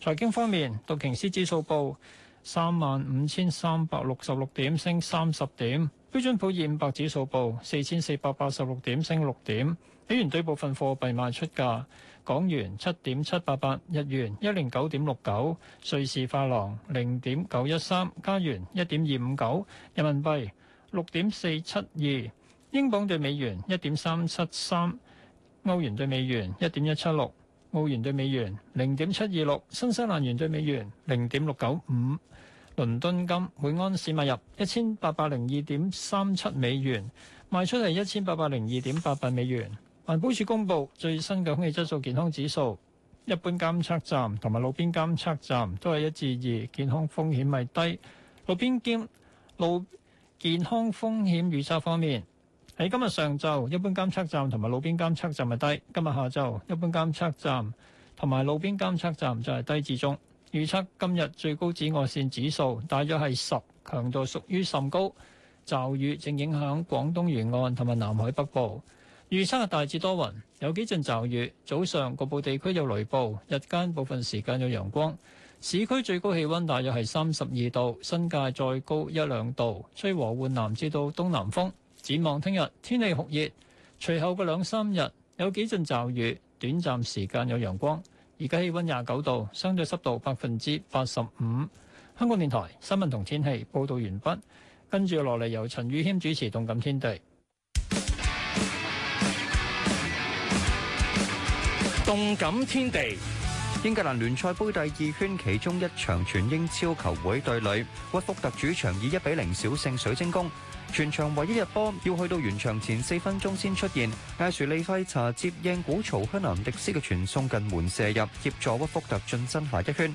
財經方面，道瓊斯指數報三萬五千三百六十六點，升三十點。標準普爾五百指數報四千四百八十六點，升六點。美元對部分貨幣賣出價：港元七點七八八，日元一零九點六九，瑞士法郎零點九一三，加元一點二五九，人民幣六點四七二，英鎊對美元一點三七三，歐元對美元一點一七六，澳元對美元零點七二六，新西蘭元對美元零點六九五。倫敦金每安士買入一千八百零二點三七美元，賣出係一千八百零二點八八美元。環保署公布最新嘅空氣質素健康指數，一般監測站同埋路邊監測站都係一至二，健康風險係低。路邊健路健康風險預測方面，喺今日上晝，一般監測站同埋路邊監測站係低；今日下晝，一般監測站同埋路邊監測站就係低至中。預測今日最高紫外線指數大約係十，強度屬於甚高。驟雨正影響廣東沿岸同埋南海北部。預測大致多雲，有幾陣驟雨。早上局部地區有雷暴，日間部分時間有陽光。市區最高氣温大約係三十二度，新界再高一兩度。吹和緩南至到東南風。展望聽日天氣酷熱，隨後嗰兩三日有幾陣驟雨，短暫時間有陽光。而家氣温廿九度，相對濕度百分之八十五。香港電台新聞同天氣報導完畢，跟住落嚟由陳宇謙主持《動感天地》。動感天地，英格蘭聯賽杯第二圈其中一場全英超球會對壘，屈福特主場以一比零小勝水晶宮。全場唯一入波，要去到完場前四分鐘先出現，艾殊利費查接應古曹香南迪斯嘅傳送近門射入，協助屈福特進身下一圈。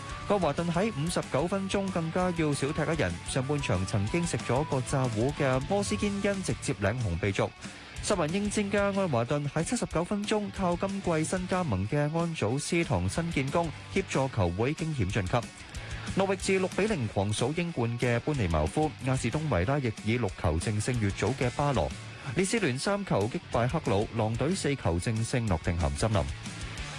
愛華頓喺五十九分鐘更加要少踢一人，上半場曾經食咗個炸糊嘅摩斯堅因直接領紅被逐。十人應戰嘅愛華頓喺七十九分鐘靠今季新加盟嘅安祖斯堂新建功協助球會驚險晉級。諾域治六比零狂掃英冠嘅班尼茅夫，亞士東維拉亦以六球淨勝越早嘅巴羅。列斯聯三球擊敗克魯狼隊四球淨勝諾定咸森林。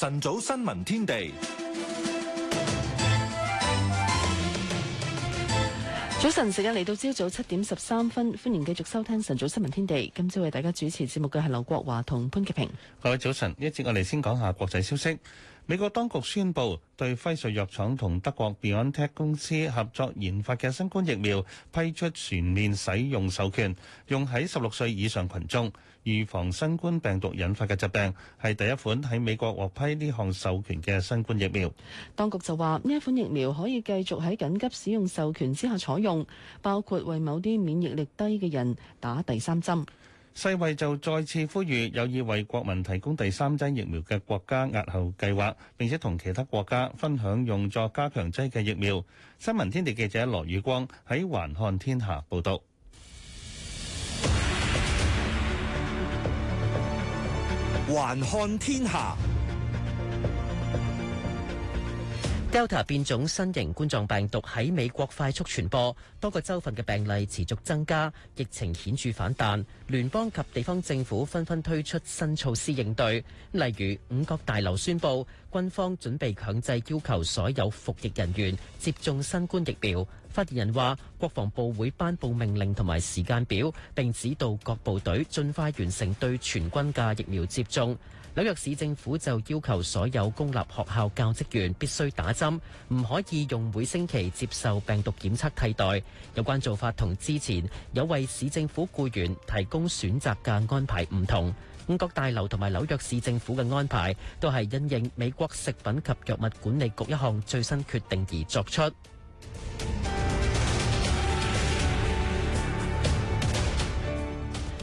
晨早新聞天地，早晨，時間嚟到朝早七點十三分，歡迎繼續收聽晨早新聞天地。今朝為大家主持節目嘅係劉國華同潘潔平。各位早晨，一節我哋先講下國際消息。美國當局宣布對輝瑞藥廠同德國 BioNTech 公司合作研發嘅新冠疫苗批出全面使用授權，用喺十六歲以上群眾。預防新冠病毒引發嘅疾病係第一款喺美國獲批呢項授權嘅新冠疫苗。當局就話呢一款疫苗可以繼續喺緊急使用授權之下採用，包括為某啲免疫力低嘅人打第三針。世衛就再次呼籲有意為國民提供第三劑疫苗嘅國家押後計劃，並且同其他國家分享用作加強劑嘅疫苗。新聞天地記者羅宇光喺環看天下報導。環看天下，Delta 變種新型冠狀病毒喺美國快速傳播，多個州份嘅病例持續增加，疫情顯著反彈。聯邦及地方政府紛紛推出新措施應對，例如五角大樓宣布，軍方準備強制要求所有服役人員接種新冠疫苗。發言人話，國防部會頒布命令同埋時間表，並指導各部隊盡快完成對全軍嘅疫苗接種。紐約市政府就要求所有公立學校教職員必須打針，唔可以用每星期接受病毒檢測替代。有關做法同之前有為市政府僱員提供選擇嘅安排唔同。五角大樓同埋紐約市政府嘅安排都係因應美國食品及藥物管理局一項最新決定而作出。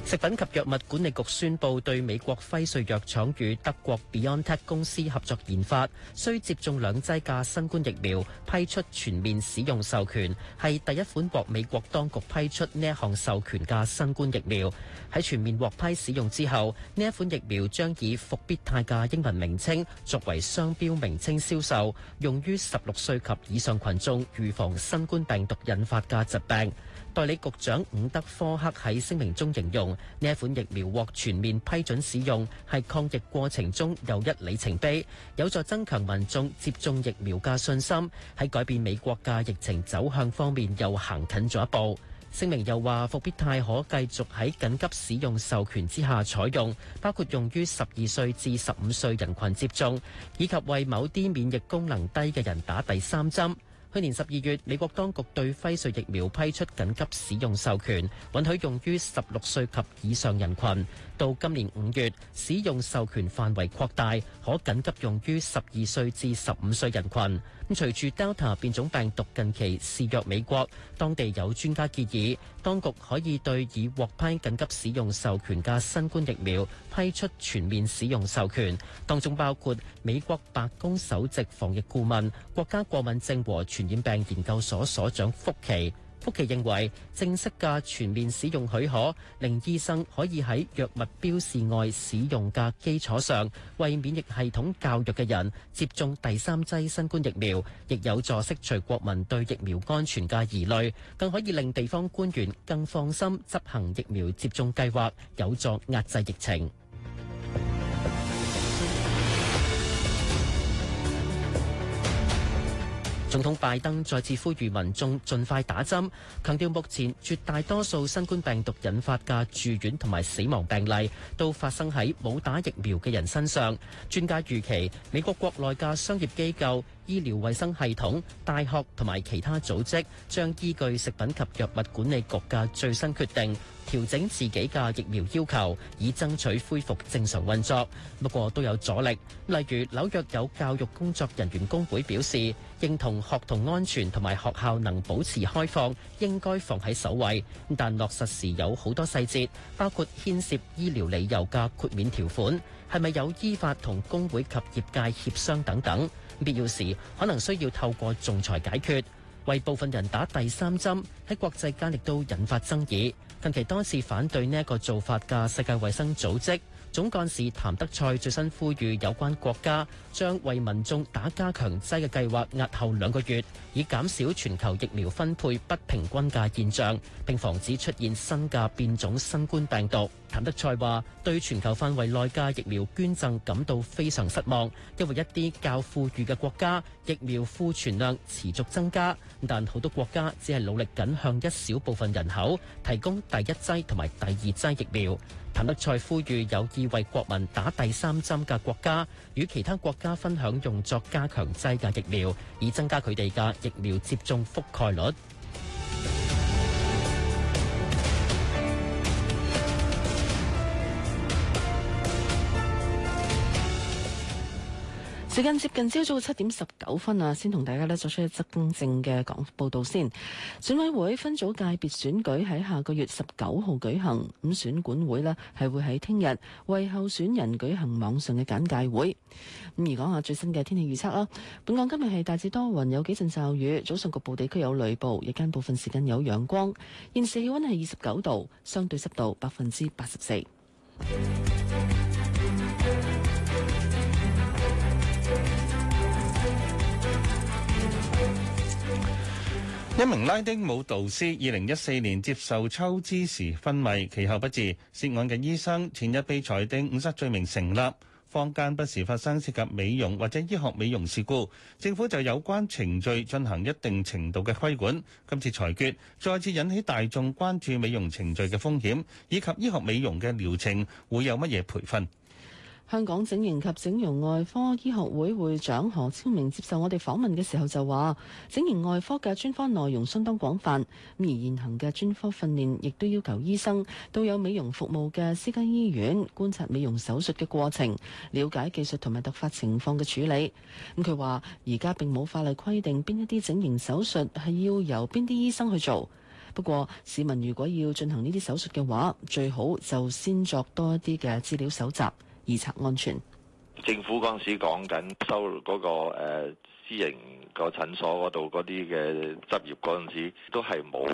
食品及藥物管理局宣布，對美國輝瑞藥廠與德國 BioNTech 公司合作研發需接種兩劑嘅新冠疫苗，批出全面使用授權，係第一款獲美國當局批出呢一項授權嘅新冠疫苗。喺全面獲批使用之後，呢一款疫苗將以復必泰嘅英文名稱作為商標名稱銷售，用於十六歲及以上群眾預防新冠病毒引發嘅疾病。代理局長伍德科克喺聲明中形容，呢一款疫苗獲全面批准使用，係抗疫過程中又一里程碑，有助增強民眾接種疫苗嘅信心，喺改變美國嘅疫情走向方面又行近咗一步。聲明又話，復必泰可繼續喺緊急使用授權之下採用，包括用於十二歲至十五歲人群接種，以及為某啲免疫功能低嘅人打第三針。去年十二月，美國當局對輝瑞疫苗批出緊急使用授權，允許用於十六歲及以上人群。到今年五月，使用授權範圍擴大，可緊急用於十二歲至十五歲人群。咁隨住 Delta 變種病毒近期肆虐美國，當地有專家建議，當局可以對已獲批緊急使用授權嘅新冠疫苗批出全面使用授權，當中包括美國白宮首席防疫顧問、國家過敏症和傳染病研究所所長福奇。福奇認為，正式嘅全面使用許可，令醫生可以喺藥物標示外使用嘅基礎上，為免疫系統較弱嘅人接種第三劑新冠疫苗，亦有助釋除國民對疫苗安全嘅疑慮，更可以令地方官員更放心執行疫苗接種計劃，有助壓制疫情。總統拜登再次呼籲民眾盡快打針，強調目前絕大多數新冠病毒引發嘅住院同埋死亡病例都發生喺冇打疫苗嘅人身上。專家預期美國國內嘅商業機構、醫療衛生系統、大學同埋其他組織將依據食品及藥物管理局嘅最新決定，調整自己嘅疫苗要求，以爭取恢復正常運作。不過都有阻力，例如紐約有教育工作人員工會表示，認同學童安全同埋學校能保持開放應該放喺首位，但落實時有好多細節，包括牽涉醫療理由嘅豁免條款，係咪有依法同工會及業界協商等等。必要時可能需要透過仲裁解決，為部分人打第三針喺國際間亦都引發爭議。近期多次反對呢一個做法嘅世界衛生組織總幹事譚德塞最新呼籲有關國家將為民眾打加強劑嘅計劃押後兩個月，以減少全球疫苗分配不平均嘅現象，並防止出現新嘅變種新冠病毒。譚德賽話：對全球範圍內嘅疫苗捐贈感到非常失望，因為一啲較富裕嘅國家疫苗庫存量持續增加，但好多國家只係努力緊向一小部分人口提供第一劑同埋第二劑疫苗。譚德賽呼籲有意為國民打第三針嘅國家與其他國家分享用作加強劑嘅疫苗，以增加佢哋嘅疫苗接種覆蓋率。時間接近朝早七點十九分啊，先同大家咧作出一則公正嘅講報道先。選委會分組界別選舉喺下個月十九號舉行，咁選管會咧係會喺聽日為候選人舉行網上嘅簡介會。咁而講下最新嘅天氣預測啦。本港今日係大致多雲，有幾陣驟雨，早上局部地區有雷暴，日間部分時間有陽光。現時氣温係二十九度，相對濕度百分之八十四。 一名拉丁舞導師二零一四年接受抽脂時昏迷，其後不治。涉案嘅醫生前日被裁定誤殺罪名成立。坊間不時發生涉及美容或者醫學美容事故，政府就有關程序進行一定程度嘅規管。今次裁決再次引起大眾關注美容程序嘅風險以及醫學美容嘅療程會有乜嘢培訓。香港整形及整容外科醫學會會長何超明接受我哋訪問嘅時候就話，整形外科嘅專科內容相當廣泛，而現行嘅專科訓練亦都要求醫生到有美容服務嘅私家醫院觀察美容手術嘅過程，了解技術同埋突發情況嘅處理。咁佢話而家並冇法律規定邊一啲整形手術係要由邊啲醫生去做。不過市民如果要進行呢啲手術嘅話，最好就先作多一啲嘅資料搜集。以策安全。政府嗰陣時講緊收嗰、嗰個、呃、私營個診所嗰度嗰啲嘅執業嗰陣時，都係冇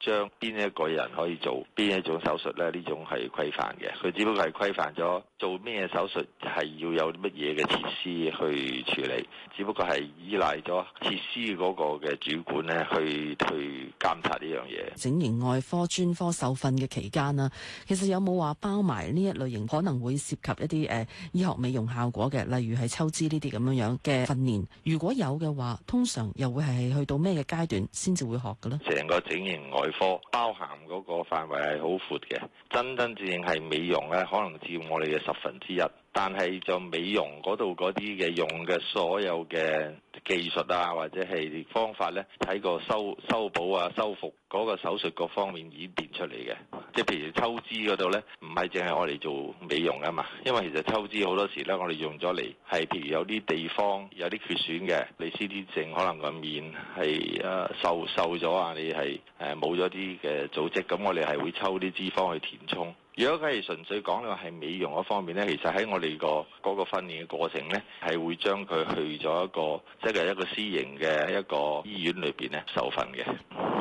將邊一個人可以做邊一種手術咧？呢種係規範嘅。佢只不過係規範咗做咩手術係、就是、要有乜嘢嘅設施去處理。只不過係依賴咗設施嗰個嘅主管咧，去去監察呢樣嘢。整，整形外科專科受訓嘅期間啊，其實有冇話包埋呢一類型可能會涉及一啲誒、呃、醫學美容效果嘅，例如係抽脂呢啲咁樣樣嘅訓練？如果有嘅話，通常又會係去到咩嘅階段先至會學嘅呢？成個整形外科包含嗰個範圍係好闊嘅，真真正正係美容咧，可能佔我哋嘅十分之一。但係就美容嗰度嗰啲嘅用嘅所有嘅技術啊，或者係方法呢，睇個修修補啊、修復嗰個手術各方面演變出嚟嘅。即係譬如抽脂嗰度呢，唔係淨係我哋做美容啊嘛，因為其實抽脂好多時呢，我哋用咗嚟係譬如有啲地方有啲缺損嘅，你 C D 症可能個面係啊瘦瘦咗啊，你係誒冇咗啲嘅組織，咁我哋係會抽啲脂肪去填充。如果佢係純粹講咧，係美容嗰方面呢其實喺我哋個嗰個訓練嘅過程呢係會將佢去咗一個，即係一個私營嘅一個醫院裏邊呢。受訓嘅，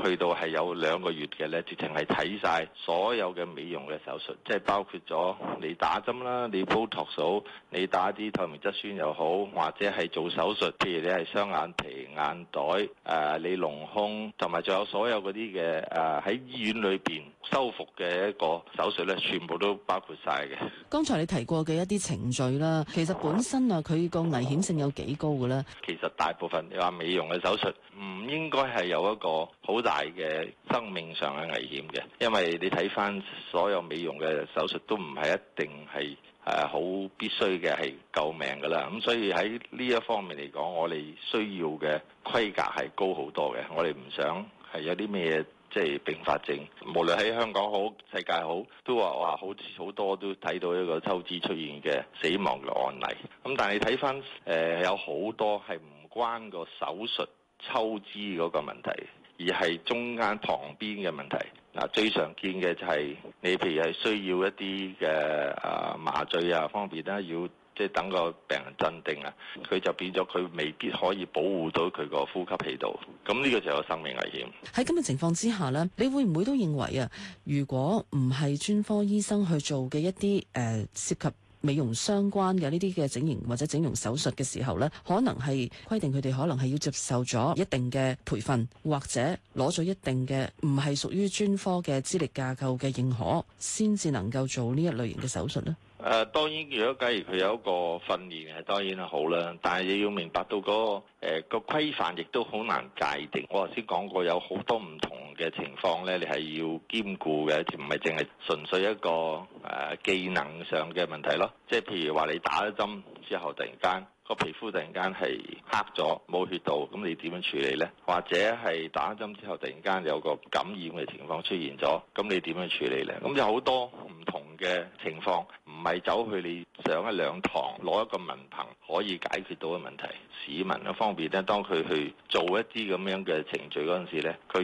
去到係有兩個月嘅呢直情係睇晒所有嘅美容嘅手術，即係包括咗你打針啦，你 Botox，你打啲透明質酸又好，或者係做手術，譬如你係雙眼皮、眼袋，誒、呃、你隆胸，同埋仲有所有嗰啲嘅誒喺醫院裏邊修復嘅一個手術呢。全部都包括晒嘅。剛才你提過嘅一啲程序啦，其實本身啊，佢個危險性有幾高嘅咧？其實大部分你話美容嘅手術唔應該係有一個好大嘅生命上嘅危險嘅，因為你睇翻所有美容嘅手術都唔係一定係誒好必須嘅係救命噶啦。咁所以喺呢一方面嚟講，我哋需要嘅規格係高好多嘅，我哋唔想係有啲咩嘢。即係併發症，無論喺香港好、世界好，都話話好似好多都睇到一個抽脂出現嘅死亡嘅案例。咁、嗯、但係睇翻誒，有好多係唔關個手術抽脂嗰個問題，而係中間旁邊嘅問題。嗱、啊，最常見嘅就係、是、你譬如係需要一啲嘅啊麻醉啊方便咧要。即係等個病人鎮定啊，佢就變咗佢未必可以保護到佢個呼吸氣道，咁呢個時候有生命危險。喺咁嘅情況之下呢，你會唔會都認為啊？如果唔係專科醫生去做嘅一啲誒、呃、涉及美容相關嘅呢啲嘅整形或者整容手術嘅時候呢，可能係規定佢哋可能係要接受咗一定嘅培訓，或者攞咗一定嘅唔係屬於專科嘅資歷架構嘅認可，先至能夠做呢一類型嘅手術呢？誒、呃、當然，如果假如佢有一個訓練誒，當然好啦。但係你要明白到嗰、那個誒、呃個規範亦都好難界定。我頭先講過有好多唔同嘅情況咧，你係要兼顧嘅，唔係淨係純粹一個誒、呃、技能上嘅問題咯。即係譬如話你打咗針之後，突然間，個皮膚突然間係黑咗，冇血到，咁你點樣處理呢？或者係打針之後突然間有個感染嘅情況出現咗，咁你點樣處理呢？咁有好多唔同嘅情況，唔係走去你上一兩堂攞一個文憑可以解決到嘅問題。市民一方面呢，當佢去做一啲咁樣嘅程序嗰陣時呢，佢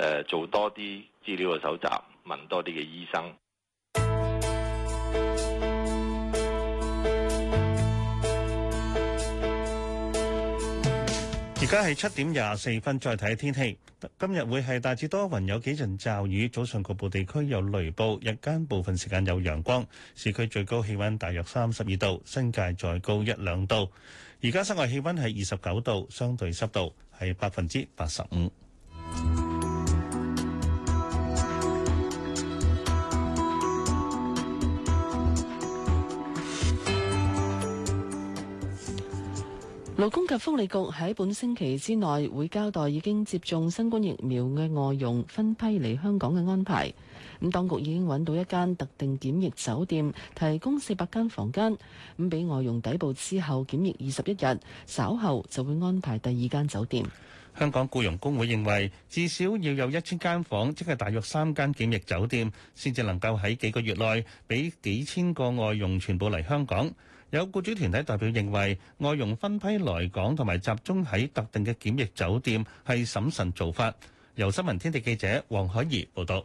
要誒做多啲資料嘅搜集，問多啲嘅醫生。而家係七點廿四分，再睇天氣。今日會係大致多雲，有幾陣驟雨。早上局部地區有雷暴，日間部分時間有陽光。市區最高氣溫大約三十二度，新界再高一兩度。而家室外氣溫係二十九度，相對濕度係百分之八十五。勞工及福利局喺本星期之內會交代已經接種新冠疫苗嘅外傭分批嚟香港嘅安排。咁當局已經揾到一間特定檢疫酒店，提供四百間房間，咁俾外傭抵埗之後檢疫二十一日，稍後就會安排第二間酒店。香港僱傭工會認為，至少要有一千間房，即係大約三間檢疫酒店，先至能夠喺幾個月內俾幾千個外傭全部嚟香港。有雇主團體代表認為，外傭分批來港同埋集中喺特定嘅檢疫酒店係審慎做法。由新聞天地記者黃海怡報道。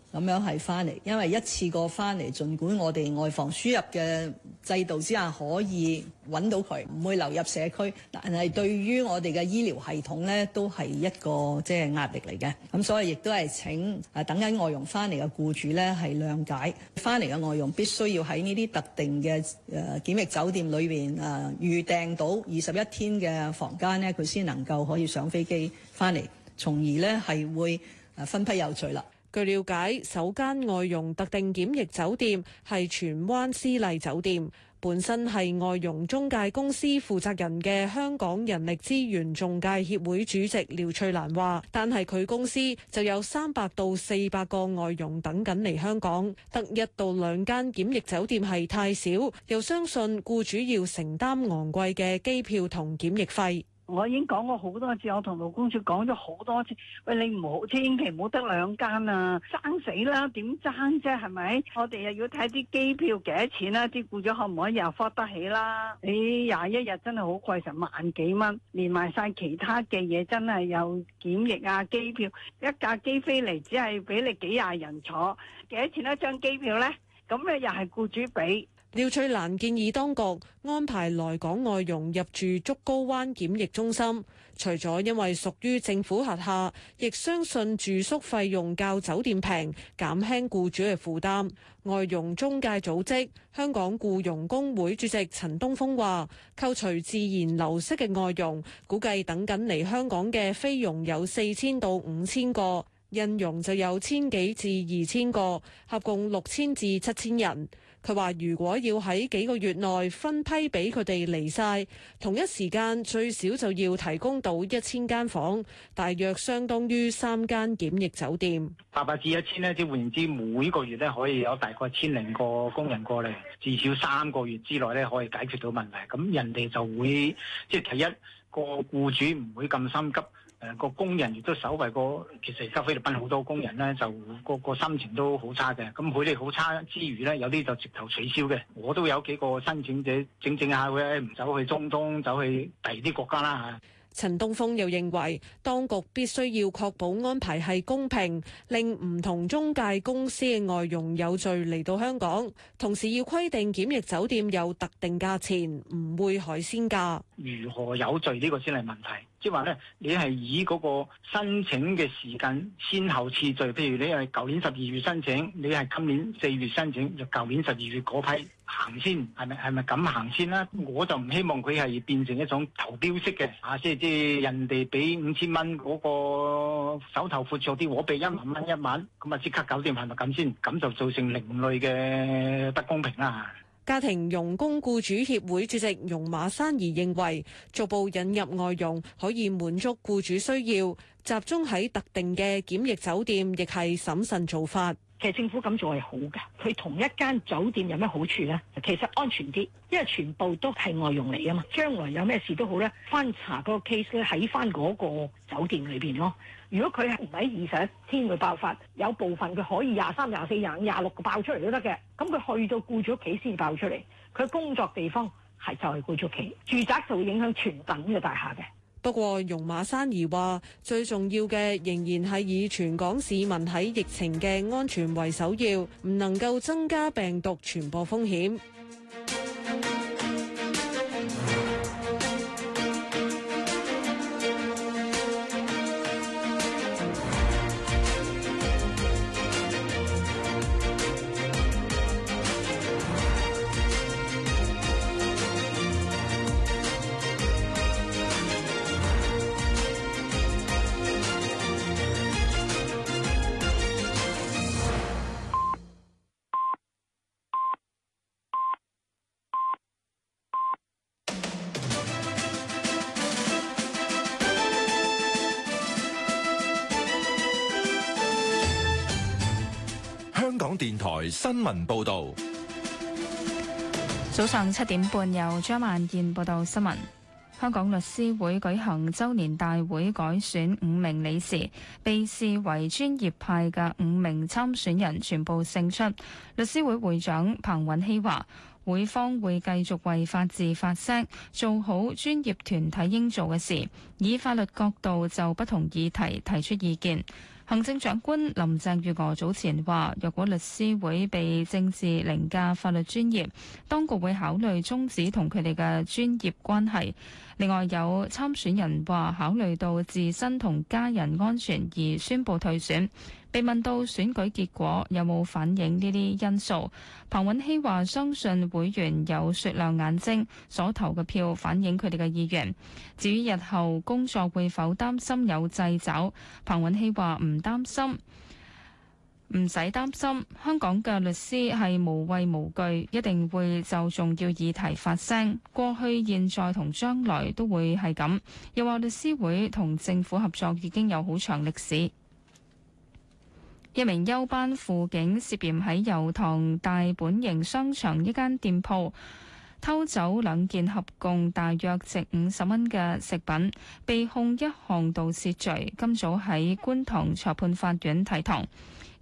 咁樣係翻嚟，因為一次過翻嚟，儘管我哋外防輸入嘅制度之下可以揾到佢，唔會流入社區，但係對於我哋嘅醫療系統咧，都係一個即係壓力嚟嘅。咁所以亦都係請誒、呃、等緊外傭翻嚟嘅僱主咧，係諒解翻嚟嘅外傭必須要喺呢啲特定嘅誒、呃、檢疫酒店裏邊誒預訂到二十一天嘅房間咧，佢先能夠可以上飛機翻嚟，從而咧係會誒分批有序啦。據了解，首間外傭特定檢疫酒店係荃灣絲麗酒店，本身係外傭中介公司負責人嘅香港人力資源中介協會主席廖翠蘭話：但係佢公司就有三百到四百個外傭等緊嚟香港，得一到兩間檢疫酒店係太少，又相信僱主要承擔昂貴嘅機票同檢疫費。我已經講過好多次，我同勞工處講咗好多次。喂，你唔好千祈唔好得兩間啊！爭死啦，點爭啫？係咪？我哋又要睇啲機票幾多錢啦？啲僱主可唔可以又花得起啦？你廿一日真係好貴，成萬幾蚊，連埋晒其他嘅嘢，真係有檢疫啊，機票一架機飛嚟，只係俾你幾廿人坐，幾多錢一張機票呢？咁咧又係僱主俾。廖翠蘭建議當局安排來港外傭入住竹篙灣檢疫中心，除咗因為屬於政府轄下，亦相信住宿費用較酒店平，減輕僱主嘅負擔。外傭中介組織香港僱傭工會主席陳東峰話，扣除自然流失嘅外傭，估計等緊嚟香港嘅菲傭有四千到五千個，印傭就有千幾至二千個，合共六千至七千人。佢話：如果要喺幾個月內分批俾佢哋嚟晒，同一時間最少就要提供到一千間房，大約相當於三間檢疫酒店。八百至一千呢，即換言之，每個月咧可以有大概千零個工人過嚟，至少三個月之內咧可以解決到問題。咁人哋就會，即係第一個僱主唔會咁心急。誒、呃、個工人亦都守為個，其實而家菲律賓好多工人咧，就個個心情都好差嘅。咁佢哋好差之餘咧，有啲就直頭取消嘅。我都有幾個申請者，整整下佢，誒，唔走去中東，走去第二啲國家啦嚇。陳東峰又認為，當局必須要確保安排係公平，令唔同中介公司嘅外傭有序嚟到香港，同時要規定檢疫酒店有特定價錢，唔會海鮮價。如何有序呢個先係問題，即係話咧，你係以嗰個申請嘅時間先後次序，譬如你係舊年十二月申請，你係今年四月申請，就舊年十二月嗰批。行先，係咪係咪咁行先啦？我就唔希望佢係變成一種投標式嘅，啊，即係即係人哋俾五千蚊嗰個手頭闊咗啲，我俾一萬蚊一晚，咁啊即刻搞掂，係咪咁先？咁就造成另類嘅不公平啦。家庭傭工雇主協會主席容馬珊兒認為，逐步引入外傭可以滿足雇主需要，集中喺特定嘅檢疫酒店，亦係審慎做法。其實政府咁做係好㗎，佢同一間酒店有咩好處咧？其實安全啲，因為全部都係外傭嚟啊嘛。將來有咩事都好咧，翻查嗰個 case 咧，喺翻嗰個酒店裏邊咯。如果佢係唔喺二十一天會爆發，有部分佢可以廿三、廿四、廿五、廿六爆出嚟都得嘅。咁佢去到雇主屋企先爆出嚟，佢工作地方係就係雇主屋企，住宅就會影響全等嘅大廈嘅。不過，容馬山兒話，最重要嘅仍然係以全港市民喺疫情嘅安全為首要，唔能夠增加病毒傳播風險。新聞報導，早上七點半由張萬燕報道新聞。香港律師會舉行周年大會，改選五名理事。被視為專業派嘅五名參選人全部勝出。律師會會長彭允熙話：會方會繼續為法治發聲，做好專業團體應做嘅事，以法律角度就不同議題提出意見。行政長官林鄭月娥早前話：若果律師會被政治凌駕法律專業，當局會考慮終止同佢哋嘅專業關係。另外，有參選人話考慮到自身同家人安全而宣布退選。被問到選舉結果有冇反映呢啲因素，彭允熙話：相信會員有雪亮眼睛，所投嘅票反映佢哋嘅意願。至於日後工作會否擔心有掣肘，彭允熙話：唔擔心，唔使擔心。香港嘅律師係無畏無懼，一定會就重要議題發聲。過去、現在同將來都會係咁。又話律師會同政府合作已經有好長歷史。一名休班輔警涉嫌喺油塘大本營商場一間店鋪偷走兩件合共大約值五十蚊嘅食品，被控一項盜竊罪。今早喺觀塘裁判法院提堂。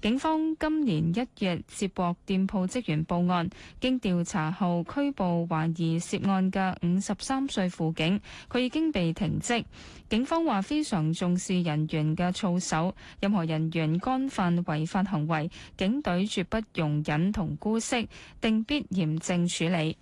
警方今年一月接獲店鋪職員報案，經調查後拘捕懷疑涉案嘅五十三歲輔警，佢已經被停職。警方話非常重視人員嘅操守，任何人員干犯違法行為，警隊絕不容忍同姑息，定必嚴正處理。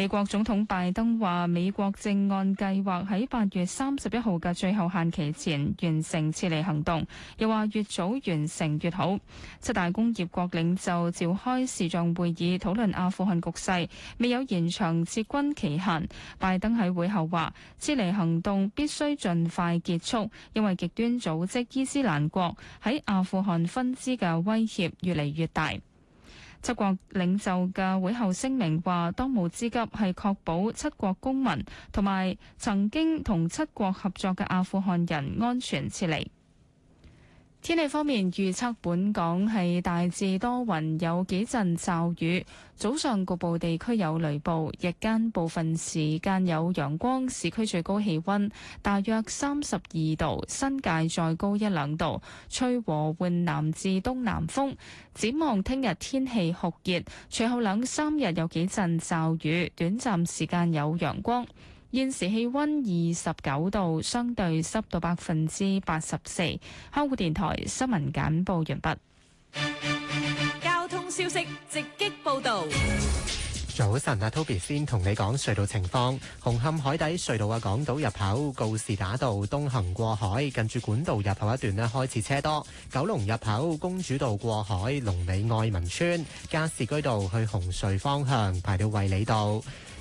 美國總統拜登話，美國正按計劃喺八月三十一號嘅最後限期前完成撤離行動，又話越早完成越好。七大工業國領袖召開視像會議討論阿富汗局勢，未有延長撤軍期限。拜登喺會後話，撤離行動必須盡快結束，因為極端組織伊斯蘭國喺阿富汗分支嘅威脅越嚟越大。七國領袖嘅會後聲明話，當務之急係確保七國公民同埋曾經同七國合作嘅阿富汗人安全撤離。天氣方面預測，本港係大致多雲，有幾陣驟雨。早上局部地區有雷暴，日間部分時間有陽光。市區最高氣溫大約三十二度，新界再高一兩度。吹和緩南至東南風。展望聽日天，天氣酷熱，隨後兩三日有幾陣驟雨，短暫時間有陽光。現時氣温二十九度，相對濕度百分之八十四。香港電台新聞簡報完畢。交通消息直擊報道。早晨，阿、啊、Toby 先同你講隧道情況。紅磡海底隧道嘅港島入口告士打道東行過海，近住管道入口一段咧開始車多。九龍入口公主道過海，龍尾愛民村加士居道去紅隧方向排到衛理道。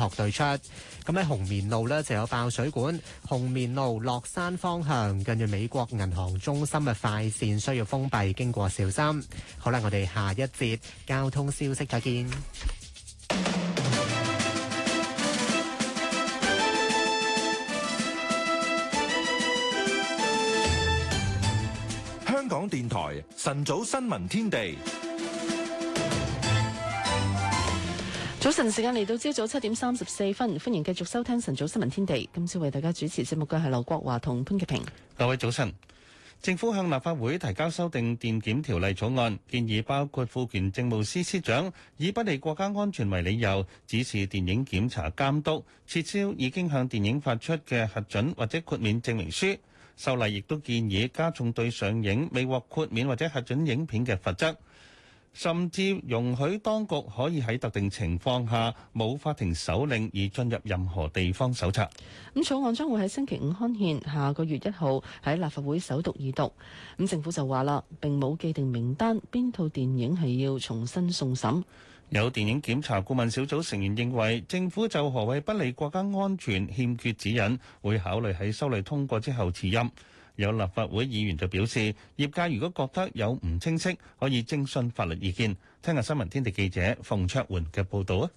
學對出，咁喺紅棉路呢就有爆水管，紅棉路落山方向近住美國銀行中心嘅快綫需要封閉，經過小心。好啦，我哋下一節交通消息再見。香港電台晨早新聞天地。早晨，時間嚟到朝早七點三十四分，歡迎繼續收聽晨早新聞天地。今次為大家主持節目嘅係劉國華同潘潔平。各位早晨，政府向立法會提交修訂電檢條例草案，建議包括賦權政務司司長以不利國家安全為理由指示電影檢查監督，撤銷已經向電影發出嘅核准或者豁免證明書。修例亦都建議加重對上映未獲豁免或者核准影片嘅罰則。甚至容許當局可以喺特定情況下冇法庭手令而進入任何地方搜查。咁草案將會喺星期五刊憲，下個月一號喺立法會首讀、二讀。咁政府就話啦，並冇既定名單邊套電影係要重新送審。有電影檢查顧問小組成員認為，政府就何謂不利國家安全欠缺指引，會考慮喺修例通過之後辭任。有立法會議員就表示，業界如果覺得有唔清晰，可以徵詢法律意見。聽日新聞天地記者馮卓桓嘅報導啊！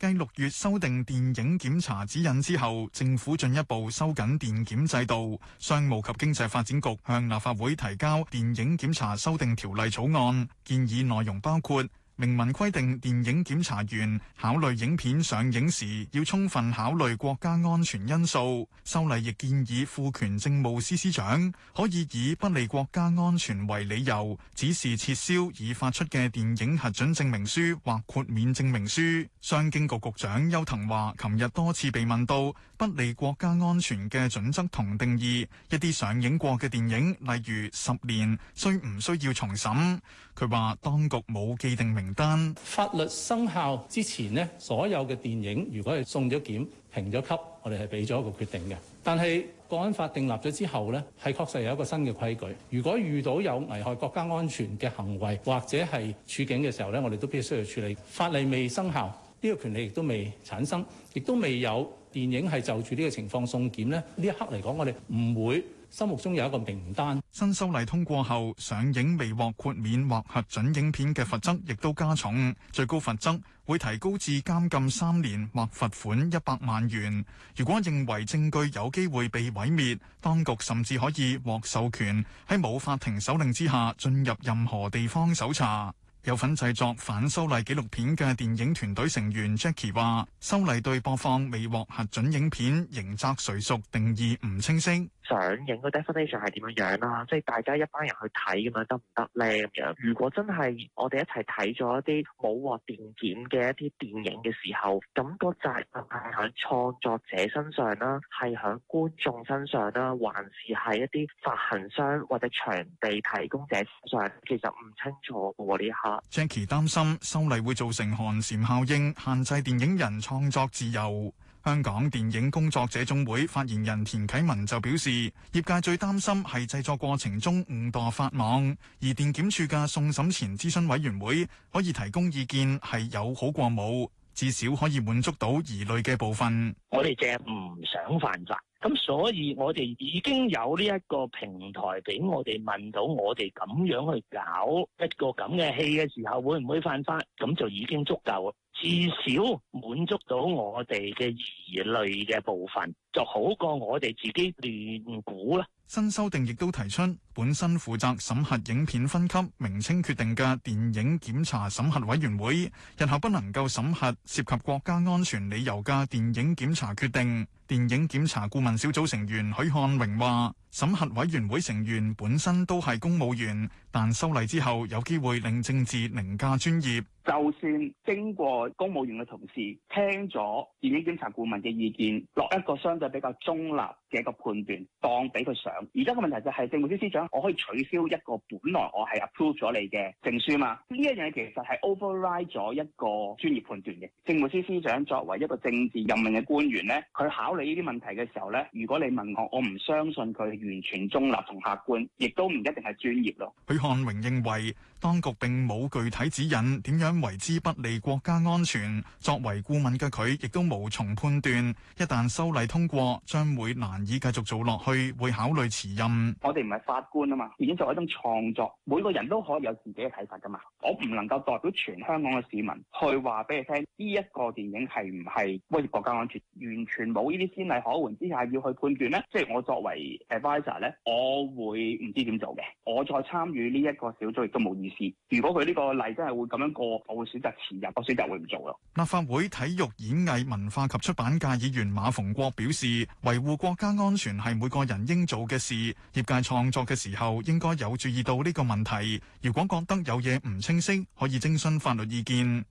繼六月修訂電影檢查指引之後，政府進一步收緊電檢制度。商務及經濟發展局向立法會提交電影檢查修訂條例草案，建議內容包括。明文規定，電影檢查員考慮影片上映時要充分考慮國家安全因素。修例亦建議，賦權政務司司長可以以不利國家安全為理由，指示撤銷已發出嘅電影核准證明書或豁免證明書。商經局局長邱騰話，琴日多次被問到不利國家安全嘅準則同定義，一啲上映過嘅電影，例如《十年》，需唔需要重審？佢話當局冇既定名。單法律生效之前呢，所有嘅電影如果係送咗檢評咗級，我哋係俾咗一個決定嘅。但係國安法定立咗之後呢，係確實有一個新嘅規矩。如果遇到有危害國家安全嘅行為或者係處境嘅時候呢，我哋都必須要處理。法例未生效，呢、這個權利亦都未產生，亦都未有電影係就住呢個情況送檢呢，呢一刻嚟講，我哋唔會。心目中有一個名單。新修例通過後，上映未獲豁免或核准影片嘅罰則亦都加重，最高罰則會提高至監禁三年或罰款一百萬元。如果認為證據有機會被毀滅，當局甚至可以獲授權，喺冇法庭手令之下進入任何地方搜查。有份製作反修例紀錄片嘅電影團隊成員 Jackie 話，修例對播放未獲核准影片刑責誰屬定義唔清晰。上映嗰 definition 係點樣樣啦？即係大家一班人去睇咁樣得唔得咧？咁樣如果真係我哋一齊睇咗一啲冇鑊電檢嘅一啲電影嘅時候，咁個責任係喺創作者身上啦，係喺觀眾身上啦，還是喺一啲發行商或者場地提供者身上？其實唔清楚嘅喎呢一刻。Jackie 擔心修例會造成寒蟬效應，限制電影人創作自由。香港電影工作者總會發言人田啟文就表示，業界最擔心係製作過程中誤墮法網，而電檢處嘅送審前諮詢委員會可以提供意見，係有好過冇，至少可以滿足到疑慮嘅部分。我哋淨係唔想犯法，咁所以我哋已經有呢一個平台俾我哋問到我哋咁樣去搞一個咁嘅戲嘅時候，會唔會犯法？咁就已經足夠啦至少滿足到我哋嘅疑慮嘅部分，就好過，我哋自己亂估啦。新修訂亦都提出。本身負責審核影片分級名稱決定嘅電影檢查審核委員會日後不能夠審核涉及國家安全理由嘅電影檢查決定。電影檢查顧問小組成員許漢榮話，審核委員會成員本身都係公務員，但修例之後有機會令政治凌駕專業，就算經過公務員嘅同事聽咗電影檢查顧問嘅意見落一個相對比較中立嘅一個判斷當俾佢上，而家個問題就係政務司司長，我可以取消一個本來我係 approve 咗你嘅證書嘛，呢一樣嘢其實係 override 咗一個專業判斷嘅。政務司司長作為一個政治任命嘅官員咧，佢考慮呢啲問題嘅時候咧，如果你問我，我唔相信佢完全中立同客觀，亦都唔一定係專業咯。許漢榮認為。當局並冇具體指引點樣為之不利國家安全，作為顧問嘅佢亦都無從判斷。一旦修例通過，將會難以繼續做落去，會考慮辭任。我哋唔係法官啊嘛，電影作為一種創作，每個人都可以有自己嘅睇法㗎嘛。我唔能夠代表全香港嘅市民去話俾你聽，呢一個電影係唔係威脅國家安全？完全冇呢啲先例可援之下，要去判斷咧。即係我作為 advisor 咧，我會唔知點做嘅。我再參與呢一個小組亦都冇意。如果佢呢個例真係會咁樣過，我會選擇辭任，我選擇會唔做啦。立法會體育演藝文化及出版界議員馬逢國表示，維護國家安全係每個人應做嘅事，業界創作嘅時候應該有注意到呢個問題。如果覺得有嘢唔清晰，可以徵詢法律意見。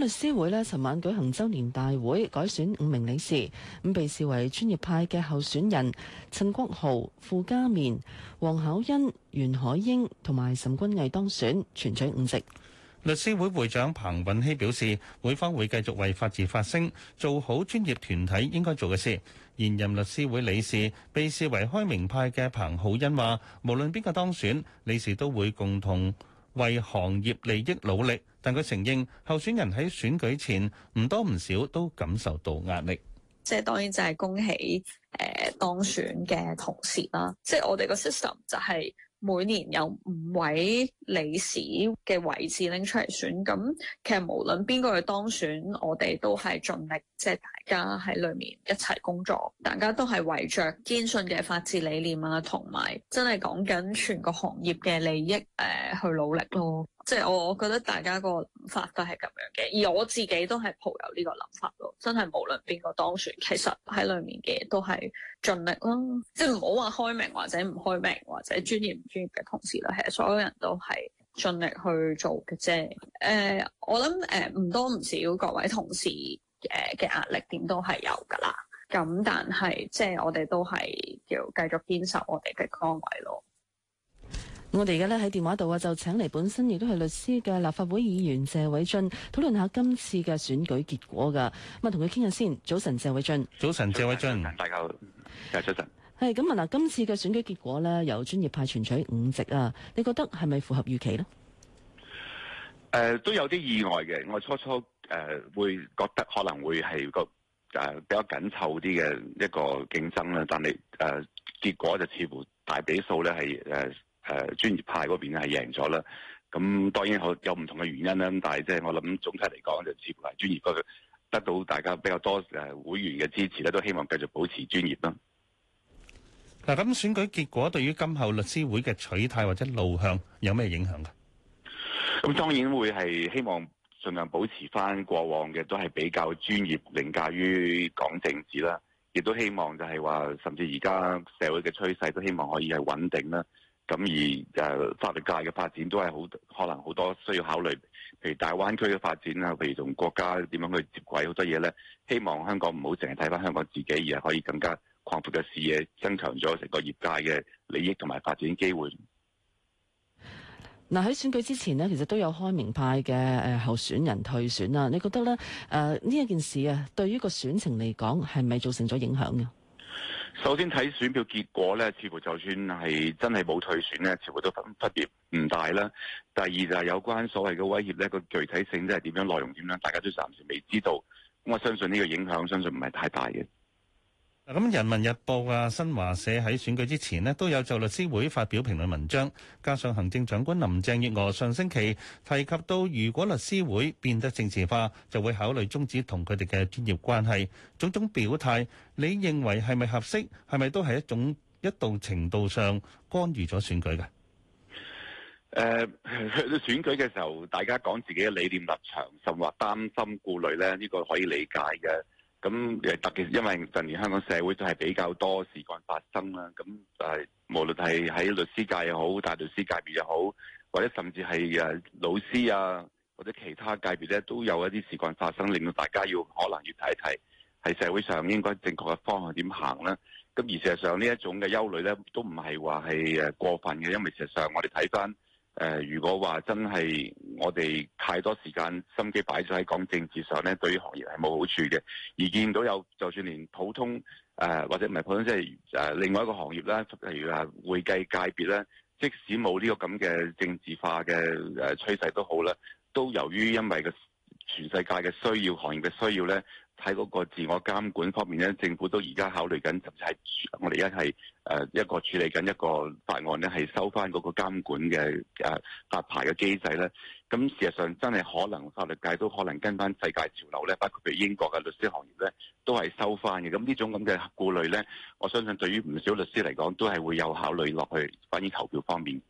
律師會呢，尋晚舉行周年大會，改選五名理事。咁被視為專業派嘅候選人陳國豪、傅嘉綿、黃巧恩、袁海英同埋岑君毅當選，全取五席。律師會會長彭允熙表示，會方會繼續為法治發聲，做好專業團體應該做嘅事。現任律師會理事被視為開明派嘅彭浩恩話，無論邊個當選，理事都會共同為行業利益努力，但佢承認候選人喺選舉前唔多唔少都感受到壓力。即係當然就係恭喜誒、呃、當選嘅同事啦。即係我哋個 system 就係每年有五位理事嘅位置拎出嚟選，咁其實無論邊個去當選，我哋都係盡力即係。而家喺裏面一齊工作，大家都係圍着堅信嘅法治理念啊，同埋真係講緊全個行業嘅利益誒、呃、去努力咯。即係我覺得大家個諗法都係咁樣嘅，而我自己都係抱有呢個諗法咯。真係無論邊個當選，其實喺裏面嘅都係盡力咯。即係唔好話開明或者唔開明或者專業唔專業嘅同事啦，其實所有人都係盡力去做嘅啫。誒、呃，我諗誒唔多唔少各位同事，誒嘅壓力點都係有噶啦，咁但係即係我哋都係要繼續堅守我哋嘅崗位咯。我哋而家咧喺電話度啊，就請嚟本身亦都係律師嘅立法會議員謝偉俊討論下今次嘅選舉結果噶。咁啊，同佢傾下先。早晨，謝偉俊。早晨，謝偉俊，大家好，係早晨。係咁問啦，今次嘅選舉結果咧，由專業派全取五席啊，你覺得係咪符合預期呢？誒、呃，都有啲意外嘅。我初初誒、呃、會覺得可能會係個誒、呃、比較緊湊啲嘅一個競爭啦。但係誒、呃、結果就似乎大比數咧係誒誒專業派嗰邊係贏咗啦。咁當然有有唔同嘅原因啦。咁但係即係我諗總體嚟講就似乎係專業嗰邊得到大家比較多誒會員嘅支持咧，都希望繼續保持專業啦。嗱，咁選舉結果對於今後律師會嘅取態或者路向有咩影響噶？咁當然會係希望盡量保持翻過往嘅，都係比較專業，凌駕於講政治啦。亦都希望就係話，甚至而家社會嘅趨勢都希望可以係穩定啦。咁而誒法律界嘅發展都係好，可能好多需要考慮，譬如大灣區嘅發展啊，譬如同國家點樣去接軌好多嘢呢。希望香港唔好淨係睇翻香港自己，而係可以更加擴闊嘅視野，增強咗成個業界嘅利益同埋發展機會。嗱喺、啊、選舉之前呢，其實都有開明派嘅誒、呃、候選人退選啦、啊。你覺得咧，誒呢一件事啊，對於個選情嚟講，係咪造成咗影響嘅？首先睇選票結果咧，似乎就算係真係冇退選咧，似乎都分分別唔大啦。第二就係有關所謂嘅威脅咧，個具體性即係點樣，內容點樣，大家都暫時未知道。咁我相信呢個影響，相信唔係太大嘅。咁《人民日報》啊，《新華社》喺選舉之前呢都有就律師會發表評論文章，加上行政長官林鄭月娥上星期提及到，如果律師會變得政治化，就會考慮終止同佢哋嘅專業關係。種種表態，你認為係咪合適？係咪都係一種一度程度上干預咗選舉嘅？誒，選舉嘅時候，大家講自己嘅理念立場，甚或擔心顧慮咧，呢個可以理解嘅。咁特別，因為近年香港社會都係比較多事件發生啦。咁就係無論係喺律師界又好，大律師界別又好，或者甚至係誒老師啊，或者其他界別咧，都有一啲事件發生，令到大家要可能要睇一睇，喺社會上應該正確嘅方向點行啦。咁而事實上呢一種嘅憂慮咧，都唔係話係誒過分嘅，因為事實上我哋睇翻。誒、呃，如果話真係我哋太多時間心機擺咗喺講政治上咧，對於行業係冇好處嘅。而見到有，就算連普通誒、呃、或者唔係普通，即係誒另外一個行業啦，例如啊會計界別咧，即使冇呢個咁嘅政治化嘅誒趨勢都好啦，都由於因為個全世界嘅需要，行業嘅需要咧。喺嗰個自我監管方面咧，政府都而家考慮緊，甚至係我哋而家係誒一個處理緊一個法案咧，係收翻嗰個監管嘅誒發牌嘅機制咧。咁事實上真係可能法律界都可能跟翻世界潮流咧，包括俾英國嘅律師行業咧都係收翻嘅。咁呢種咁嘅顧慮咧，我相信對於唔少律師嚟講，都係會有考慮落去關於投票方面。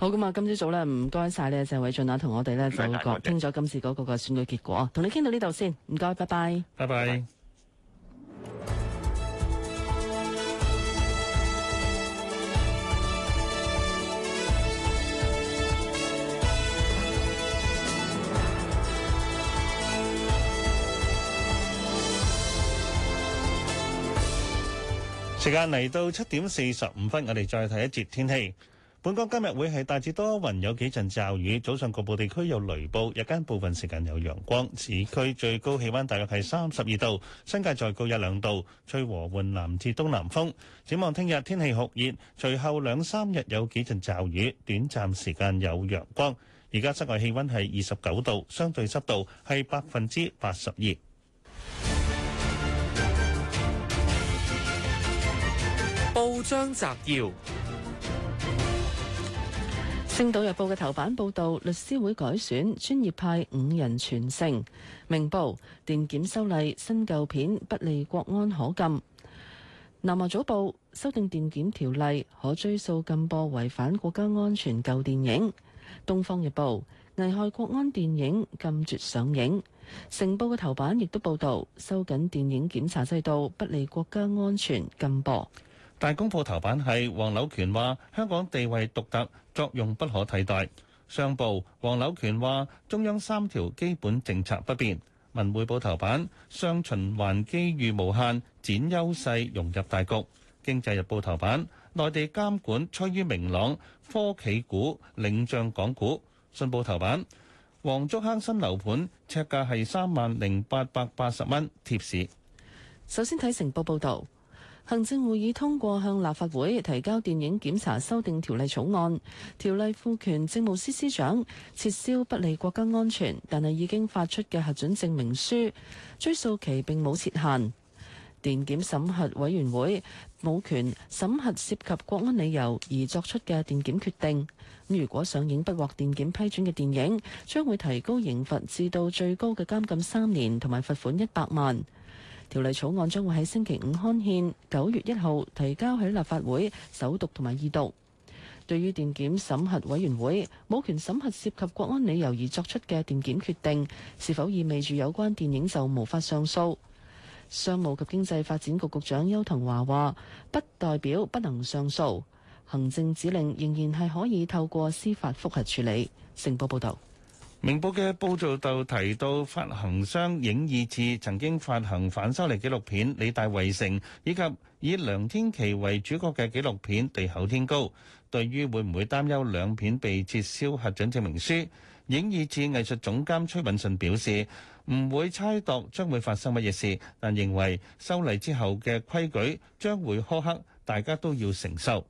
好咁啊！今朝早咧，唔該晒咧，謝偉俊啊，同我哋咧就傾咗今次嗰個個選舉結果啊，同你傾到呢度先，唔該，拜拜，拜拜。時間嚟到七點四十五分，我哋再睇一節天氣。本港今日會係大致多雲，有幾陣驟雨，早上局部地區有雷暴，日間部分時間有陽光。市區最高氣溫大約係三十二度，新界再高一兩度，吹和緩南至東南風。展望聽日天氣酷熱，隨後兩三日有幾陣驟雨，短暫時間有陽光。而家室外氣溫係二十九度，相對濕度係百分之八十二。報章摘要。《星島日報》嘅頭版報道，律師會改選專業派五人全勝。《明報》電檢修例新舊片不利國安可禁。《南華早報》修訂電檢條例，可追溯禁播違反國家安全舊電影。《東方日報》危害國安電影禁絕上映。《成報》嘅頭版亦都報道，收緊電影檢查制度，不利國家安全禁播。大公報頭版係黃柳權話香港地位獨特，作用不可替代。商報黃柳權話中央三條基本政策不變。文匯報頭版雙循環機遇無限，展優勢融入大局。經濟日報頭版內地監管趨於明朗，科技股領漲港股。信報頭版黃竹坑新樓盤尺價係三萬零八百八十蚊，貼士。首先睇成報報道。行政會議通過向立法會提交電影檢查修訂條例草案，條例賦權政務司司長撤銷不利國家安全但係已經發出嘅核准證明書，追訴期並冇設限。電檢審核委員會冇權審核涉及國安理由而作出嘅電檢決定。如果上映不獲電檢批准嘅電影，將會提高刑罰至到最高嘅監禁三年同埋罰款一百萬。條例草案將會喺星期五刊憲，九月一號提交喺立法會首讀同埋二讀。對於電檢審核委員會冇權審核涉及國安理由而作出嘅電檢決定，是否意味住有關電影就無法上訴？商務及經濟發展局局長邱騰華話，不代表不能上訴，行政指令仍然係可以透過司法覆核處理。成報報道。明報嘅報道就提到，發行商影意志曾經發行反修例紀錄片《理大圍城》，以及以梁天琪為主角嘅紀錄片《地厚天高》。對於會唔會擔憂兩片被撤銷核准證明書，影意志藝術總監崔允信表示：唔會猜度將會發生乜嘢事，但認為修例之後嘅規矩將會苛刻，大家都要承受。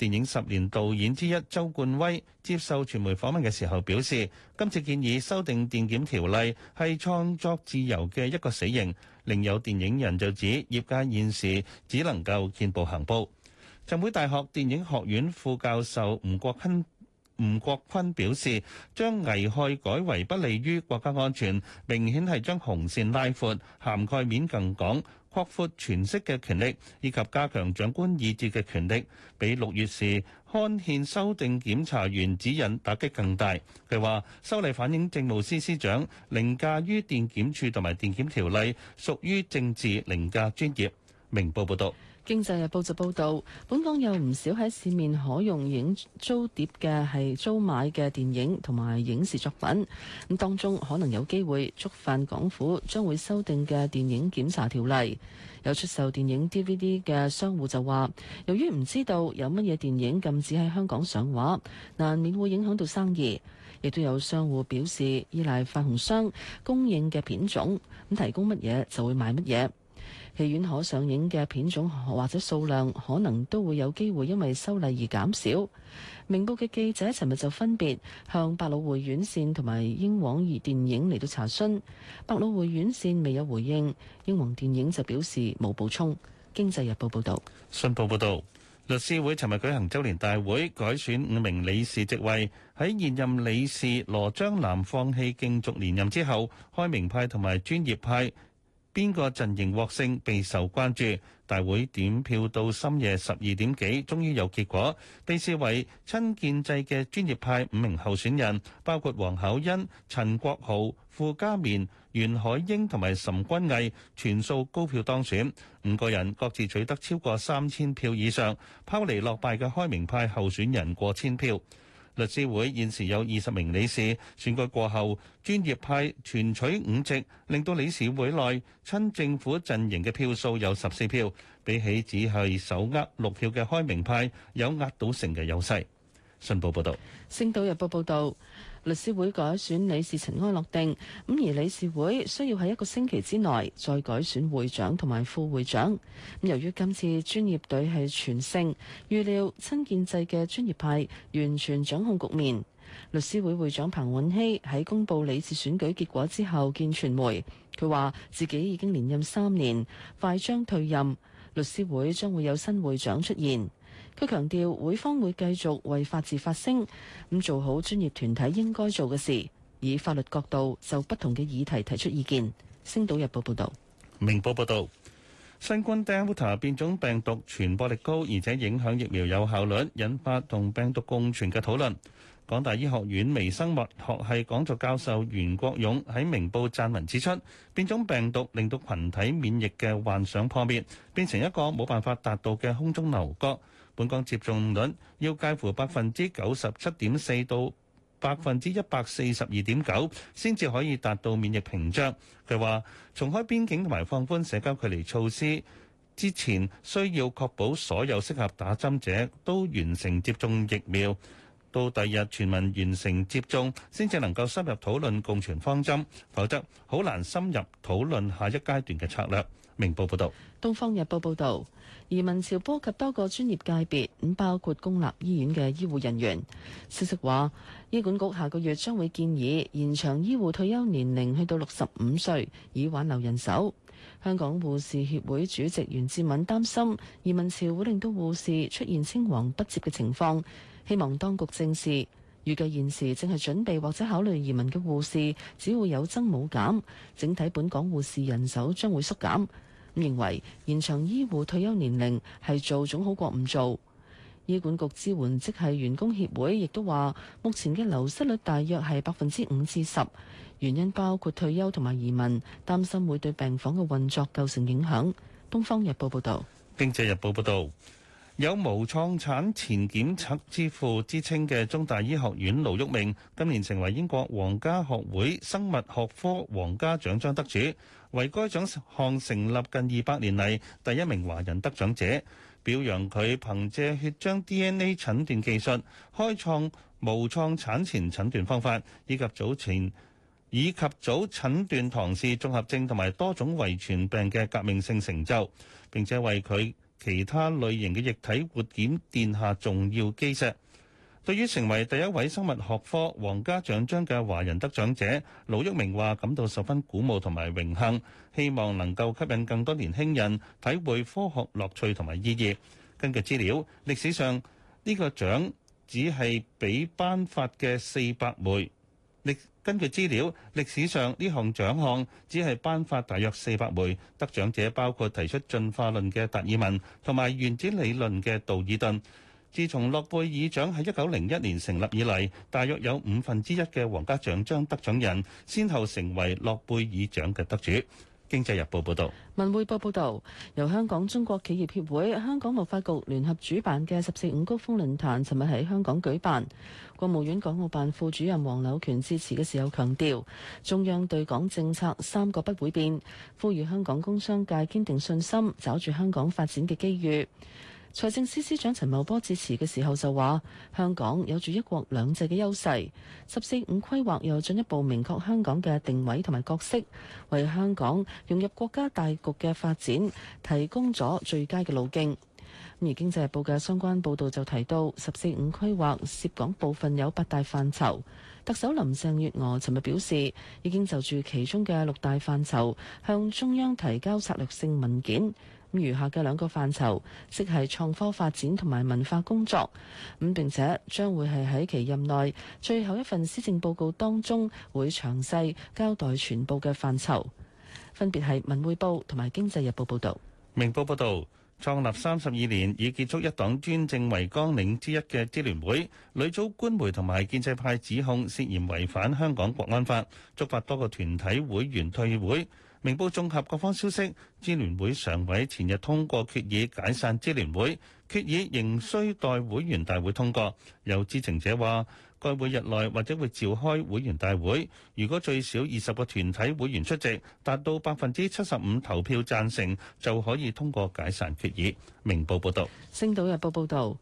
電影十年導演之一周冠威接受傳媒訪問嘅時候表示，今次建議修訂電檢條例係創作自由嘅一個死刑。另有電影人就指，業界現時只能夠見步行步。浸會大學電影學院副教授吳國坤吳國坤表示，將危害改為不利於國家安全，明顯係將紅線拉闊，涵蓋面更廣。擴闊詮釋嘅權力，以及加強長官意志嘅權力，比六月時刊憲修訂檢查員指引打擊更大。佢話：修例反映政務司司長凌駕於電檢處同埋電檢條例，屬於政治凌駕專業。明報報道。經濟日報就報道，本港有唔少喺市面可用影租碟嘅係租買嘅電影同埋影視作品，咁當中可能有機會觸犯港府將會修訂嘅電影檢查條例。有出售電影 DVD 嘅商戶就話，由於唔知道有乜嘢電影禁止喺香港上畫，難免會影響到生意。亦都有商戶表示，依賴發行商供應嘅片種，咁提供乜嘢就會賣乜嘢。戲院可上映嘅片種或者數量，可能都會有機會因為修例而減少。明報嘅記者尋日就分別向百老匯院線同埋英皇兒電影嚟到查詢，百老匯院線未有回應，英皇電影就表示冇補充。經濟日報報道：「信報報道，律師會尋日舉行周年大會，改選五名理事職位。喺現任理事羅章南放棄競逐連任之後，開明派同埋專業派。邊個陣營獲勝備受關注？大會點票到深夜十二點幾，終於有結果。被視為親建制嘅專業派五名候選人，包括黃巧恩、陳國豪、傅家綿、袁海英同埋岑君毅，全數高票當選。五個人各自取得超過三千票以上，拋離落敗嘅開明派候選人過千票。律師會現時有二十名理事，選舉過後專業派全取五席，令到理事會內親政府陣營嘅票數有十四票，比起只係手握六票嘅開明派有壓倒性嘅優勢。信報報道。《星島日報》報道。律師會改選理事塵埃落定，咁而理事會需要喺一個星期之內再改選會長同埋副會長。咁由於今次專業隊係全勝，預料親建制嘅專業派完全掌控局面。律師會會長彭允熙喺公布理事選舉結果之後見傳媒，佢話自己已經連任三年，快將退任，律師會將會有新會長出現。佢強調，會方會繼續為法治發聲，咁做好專業團體應該做嘅事，以法律角度就不同嘅議題提出意見。星島日報報道：「明報報道，新冠 Delta 變種病毒傳播力高，而且影響疫苗有效率，引發同病毒共存嘅討論。港大醫學院微生物學系講座教授袁國勇喺明報撰文指出，變種病毒令到群體免疫嘅幻想破滅，變成一個冇辦法達到嘅空中樓閣。本港接種率要介乎百分之九十七點四到百分之一百四十二點九，先至可以達到免疫屏障。佢話重開邊境同埋放寬社交距離措施之前，需要確保所有適合打針者都完成接種疫苗，到第日全民完成接種先至能夠深入討論共存方針，否則好難深入討論下一階段嘅策略。明報報道，東方日報報道。移民潮波及多個專業界別，咁包括公立醫院嘅醫護人員。消息話，醫管局下個月將會建議延長醫護退休年齡去到六十五歲，以挽留人手。香港護士協會主席袁志敏擔心移民潮會令到護士出現青黃不接嘅情況，希望當局正視。預計現時正係準備或者考慮移民嘅護士，只會有增冇減，整體本港護士人手將會縮減。認為延長醫護退休年齡係做總好過唔做。醫管局支援即係員工協會，亦都話目前嘅流失率大約係百分之五至十，原因包括退休同埋移民，擔心會對病房嘅運作構成影響。《東方日報》報道。《經濟日報》報道。有無創產前檢測之父之稱嘅中大醫學院盧煜明，今年成為英國皇家學會生物學科皇家獎章得主，為該獎項成立近二百年嚟第一名華人得獎者。表揚佢憑藉血漿 DNA 診斷技術，開創無創產前診斷方法，以及早前以及早診斷唐氏綜合症同埋多種遺傳病嘅革命性成就，並且為佢其他類型嘅液體活檢奠下重要基石。對於成為第一位生物學科皇家獎章嘅華人得獎者，盧煜明話感到十分鼓舞同埋榮幸，希望能夠吸引更多年輕人體會科學樂趣同埋意義。根據資料，歷史上呢、這個獎只係俾頒發嘅四百枚。歷根據資料，歷史上呢項獎項只係頒發大約四百枚。得獎者包括提出進化論嘅達爾文同埋原子理論嘅道爾頓。自從諾貝爾獎喺一九零一年成立以嚟，大約有五分之一嘅皇家獎章得獎人，先後成為諾貝爾獎嘅得主。經濟日報報導，文匯報報導，由香港中國企業協會、香港貿發局聯合主辦嘅「十四五」高峰論壇，尋日喺香港舉辦。國務院港澳辦副主任黃柳權致辭嘅時候強調，強調中央對港政策三個不會變，呼籲香港工商界堅定信心，抓住香港發展嘅機遇。財政司司長陳茂波致辭嘅時候就話：香港有住一國兩制嘅優勢，十四五規劃又進一步明確香港嘅定位同埋角色，為香港融入國家大局嘅發展提供咗最佳嘅路徑。而經濟日報嘅相關報導就提到，十四五規劃涉港部分有八大範疇。特首林鄭月娥尋日表示，已經就住其中嘅六大範疇向中央提交策略性文件。咁，餘下嘅兩個範疇，即係創科發展同埋文化工作，咁並且將會係喺其任內最後一份施政報告當中，會詳細交代全部嘅範疇，分別係文匯報同埋經濟日報報道。明報報道，創立三十二年，以結束一黨專政為綱領之一嘅支聯會，屢遭官媒同埋建制派指控涉嫌違反香港國安法，觸發多個團體會員退會。明報綜合各方消息，支聯會常委前日通過決議解散支聯會，決議仍需待會員大會通過。有知情者話，該會日內或者會召開會員大會，如果最少二十個團體會員出席，達到百分之七十五投票贊成，就可以通過解散決議。明報報道。星島日報報道。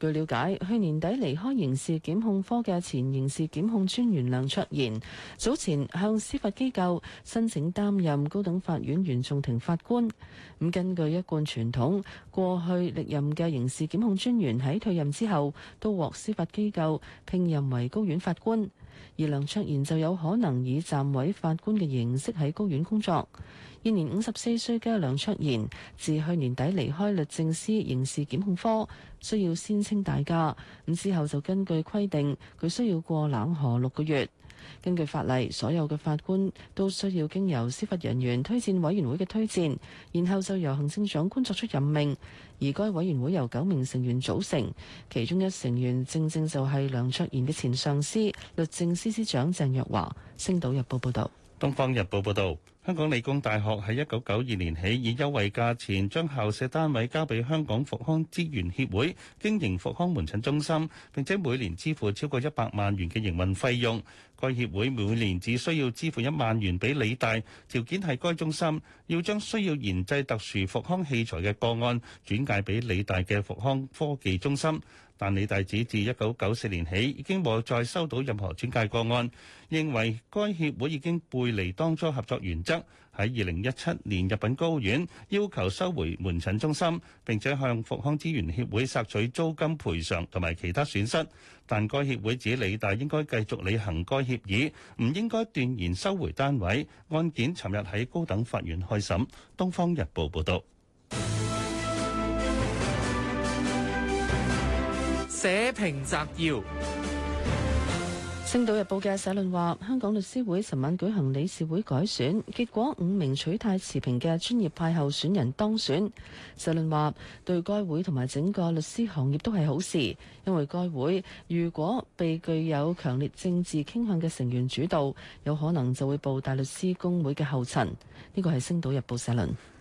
據了解，去年底離開刑事檢控科嘅前刑事檢控專員梁卓賢，早前向司法機構申請擔任高等法院原訟庭法官。咁根據一貫傳統，過去歷任嘅刑事檢控專員喺退任之後，都獲司法機構聘任為高院法官，而梁卓賢就有可能以暫委法官嘅形式喺高院工作。現年五十四歲嘅梁卓賢，自去年底離開律政司刑事檢控科，需要先請大假。咁之後就根據規定，佢需要過冷河六個月。根據法例，所有嘅法官都需要經由司法人員推薦委員會嘅推薦，然後就由行政長官作出任命。而該委員會由九名成員組成，其中一成員正正就係梁卓賢嘅前上司律政司司長鄭若驊。《星島日報》報道。《東方日報》報道。香港理工大學喺一九九二年起以優惠價錢將校舍單位交俾香港復康資源協會經營復康門診中心，並且每年支付超過一百萬元嘅營運費用。該協會每年只需要支付一萬元俾理大，條件係該中心要將需要研製特殊復康器材嘅個案轉介俾理大嘅復康科技中心。但李大指，自一九九四年起已經冇再收到任何轉介個案，認為該協會已經背離當初合作原則，喺二零一七年入稟高院，要求收回門診中心，並且向複康資源協會索取租金賠償同埋其他損失。但該協會指李大應該繼續履行該協議，唔應該斷然收回單位。案件尋日喺高等法院開審，東方日報報道。社評摘要：《星島日報》嘅社論話：香港律師會尋晚舉行理事會改選，結果五名取態持平嘅專業派候選人當選。社論話對該會同埋整個律師行業都係好事，因為該會如果被具有強烈政治傾向嘅成員主導，有可能就會步大律師公會嘅後塵。呢、這個係《星島日報》社論。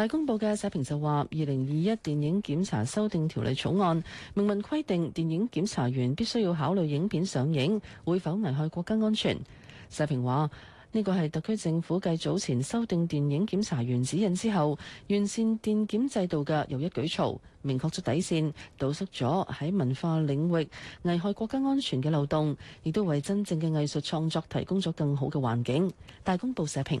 大公報嘅社評就話：二零二一電影檢查修訂條例草案明文規定，電影檢查員必須要考慮影片上映會否危害國家安全。社評話：呢個係特區政府繼早前修訂電影檢查員指引之後，完善電檢制度嘅又一舉措，明確咗底線，堵塞咗喺文化領域危害國家安全嘅漏洞，亦都為真正嘅藝術創作提供咗更好嘅環境。大公報社評。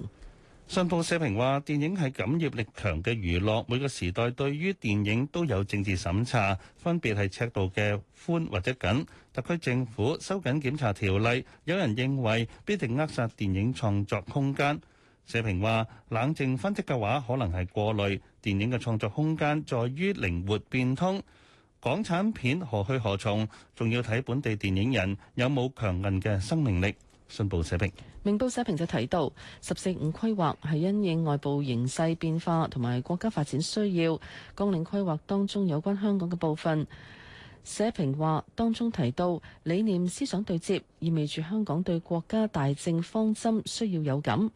信報社評話：電影係感染力強嘅娛樂，每個時代對於電影都有政治審查，分別係尺度嘅寬或者緊。特區政府收緊檢查條例，有人認為必定扼殺電影創作空間。社評話：冷靜分析嘅話，可能係過慮。電影嘅創作空間在於靈活變通。港產片何去何從，仲要睇本地電影人有冇強硬嘅生命力。信報社評。明報社評就提到，《十四五規劃》係因應外部形勢變化同埋國家發展需要，綱領規劃當中有關香港嘅部分。社評話當中提到理念思想對接，意味住香港對國家大政方針需要有感。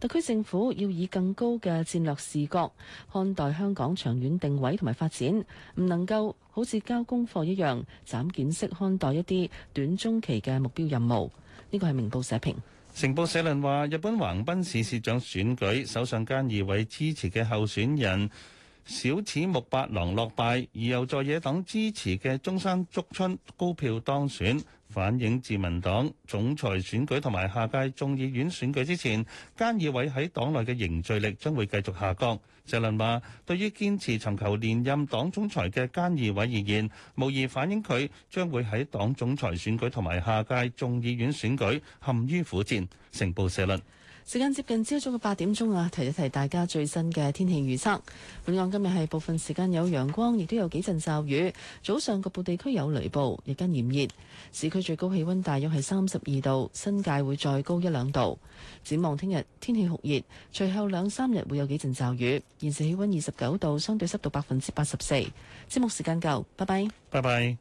特區政府要以更高嘅戰略視角看待香港長遠定位同埋發展，唔能夠好似交功課一樣斬件式看待一啲短中期嘅目標任務，呢、這個係明報社評。成報社論話：日本橫濱市市長選舉，首相菅義偉支持嘅候選人小此木八郎落敗，而又在野黨支持嘅中山竹春高票當選。反映自民黨總裁選舉同埋下屆眾議院選舉之前，菅義偉喺黨內嘅凝聚力將會繼續下降。社論話：對於堅持尋求連任黨總裁嘅菅義偉而言，無疑反映佢將會喺黨總裁選舉同埋下屆眾議院選舉陷於苦戰。成報社論。時間接近朝早嘅八點鐘啊，提一提大家最新嘅天氣預測。本港今日係部分時間有陽光，亦都有幾陣驟雨。早上局部地區有雷暴，日間炎熱。市區最高氣温大約係三十二度，新界會再高一兩度。展望聽日天，天氣酷熱，隨後兩三日會有幾陣驟雨。現時氣温二十九度，相對濕度百分之八十四。節目時間夠，拜拜，拜拜。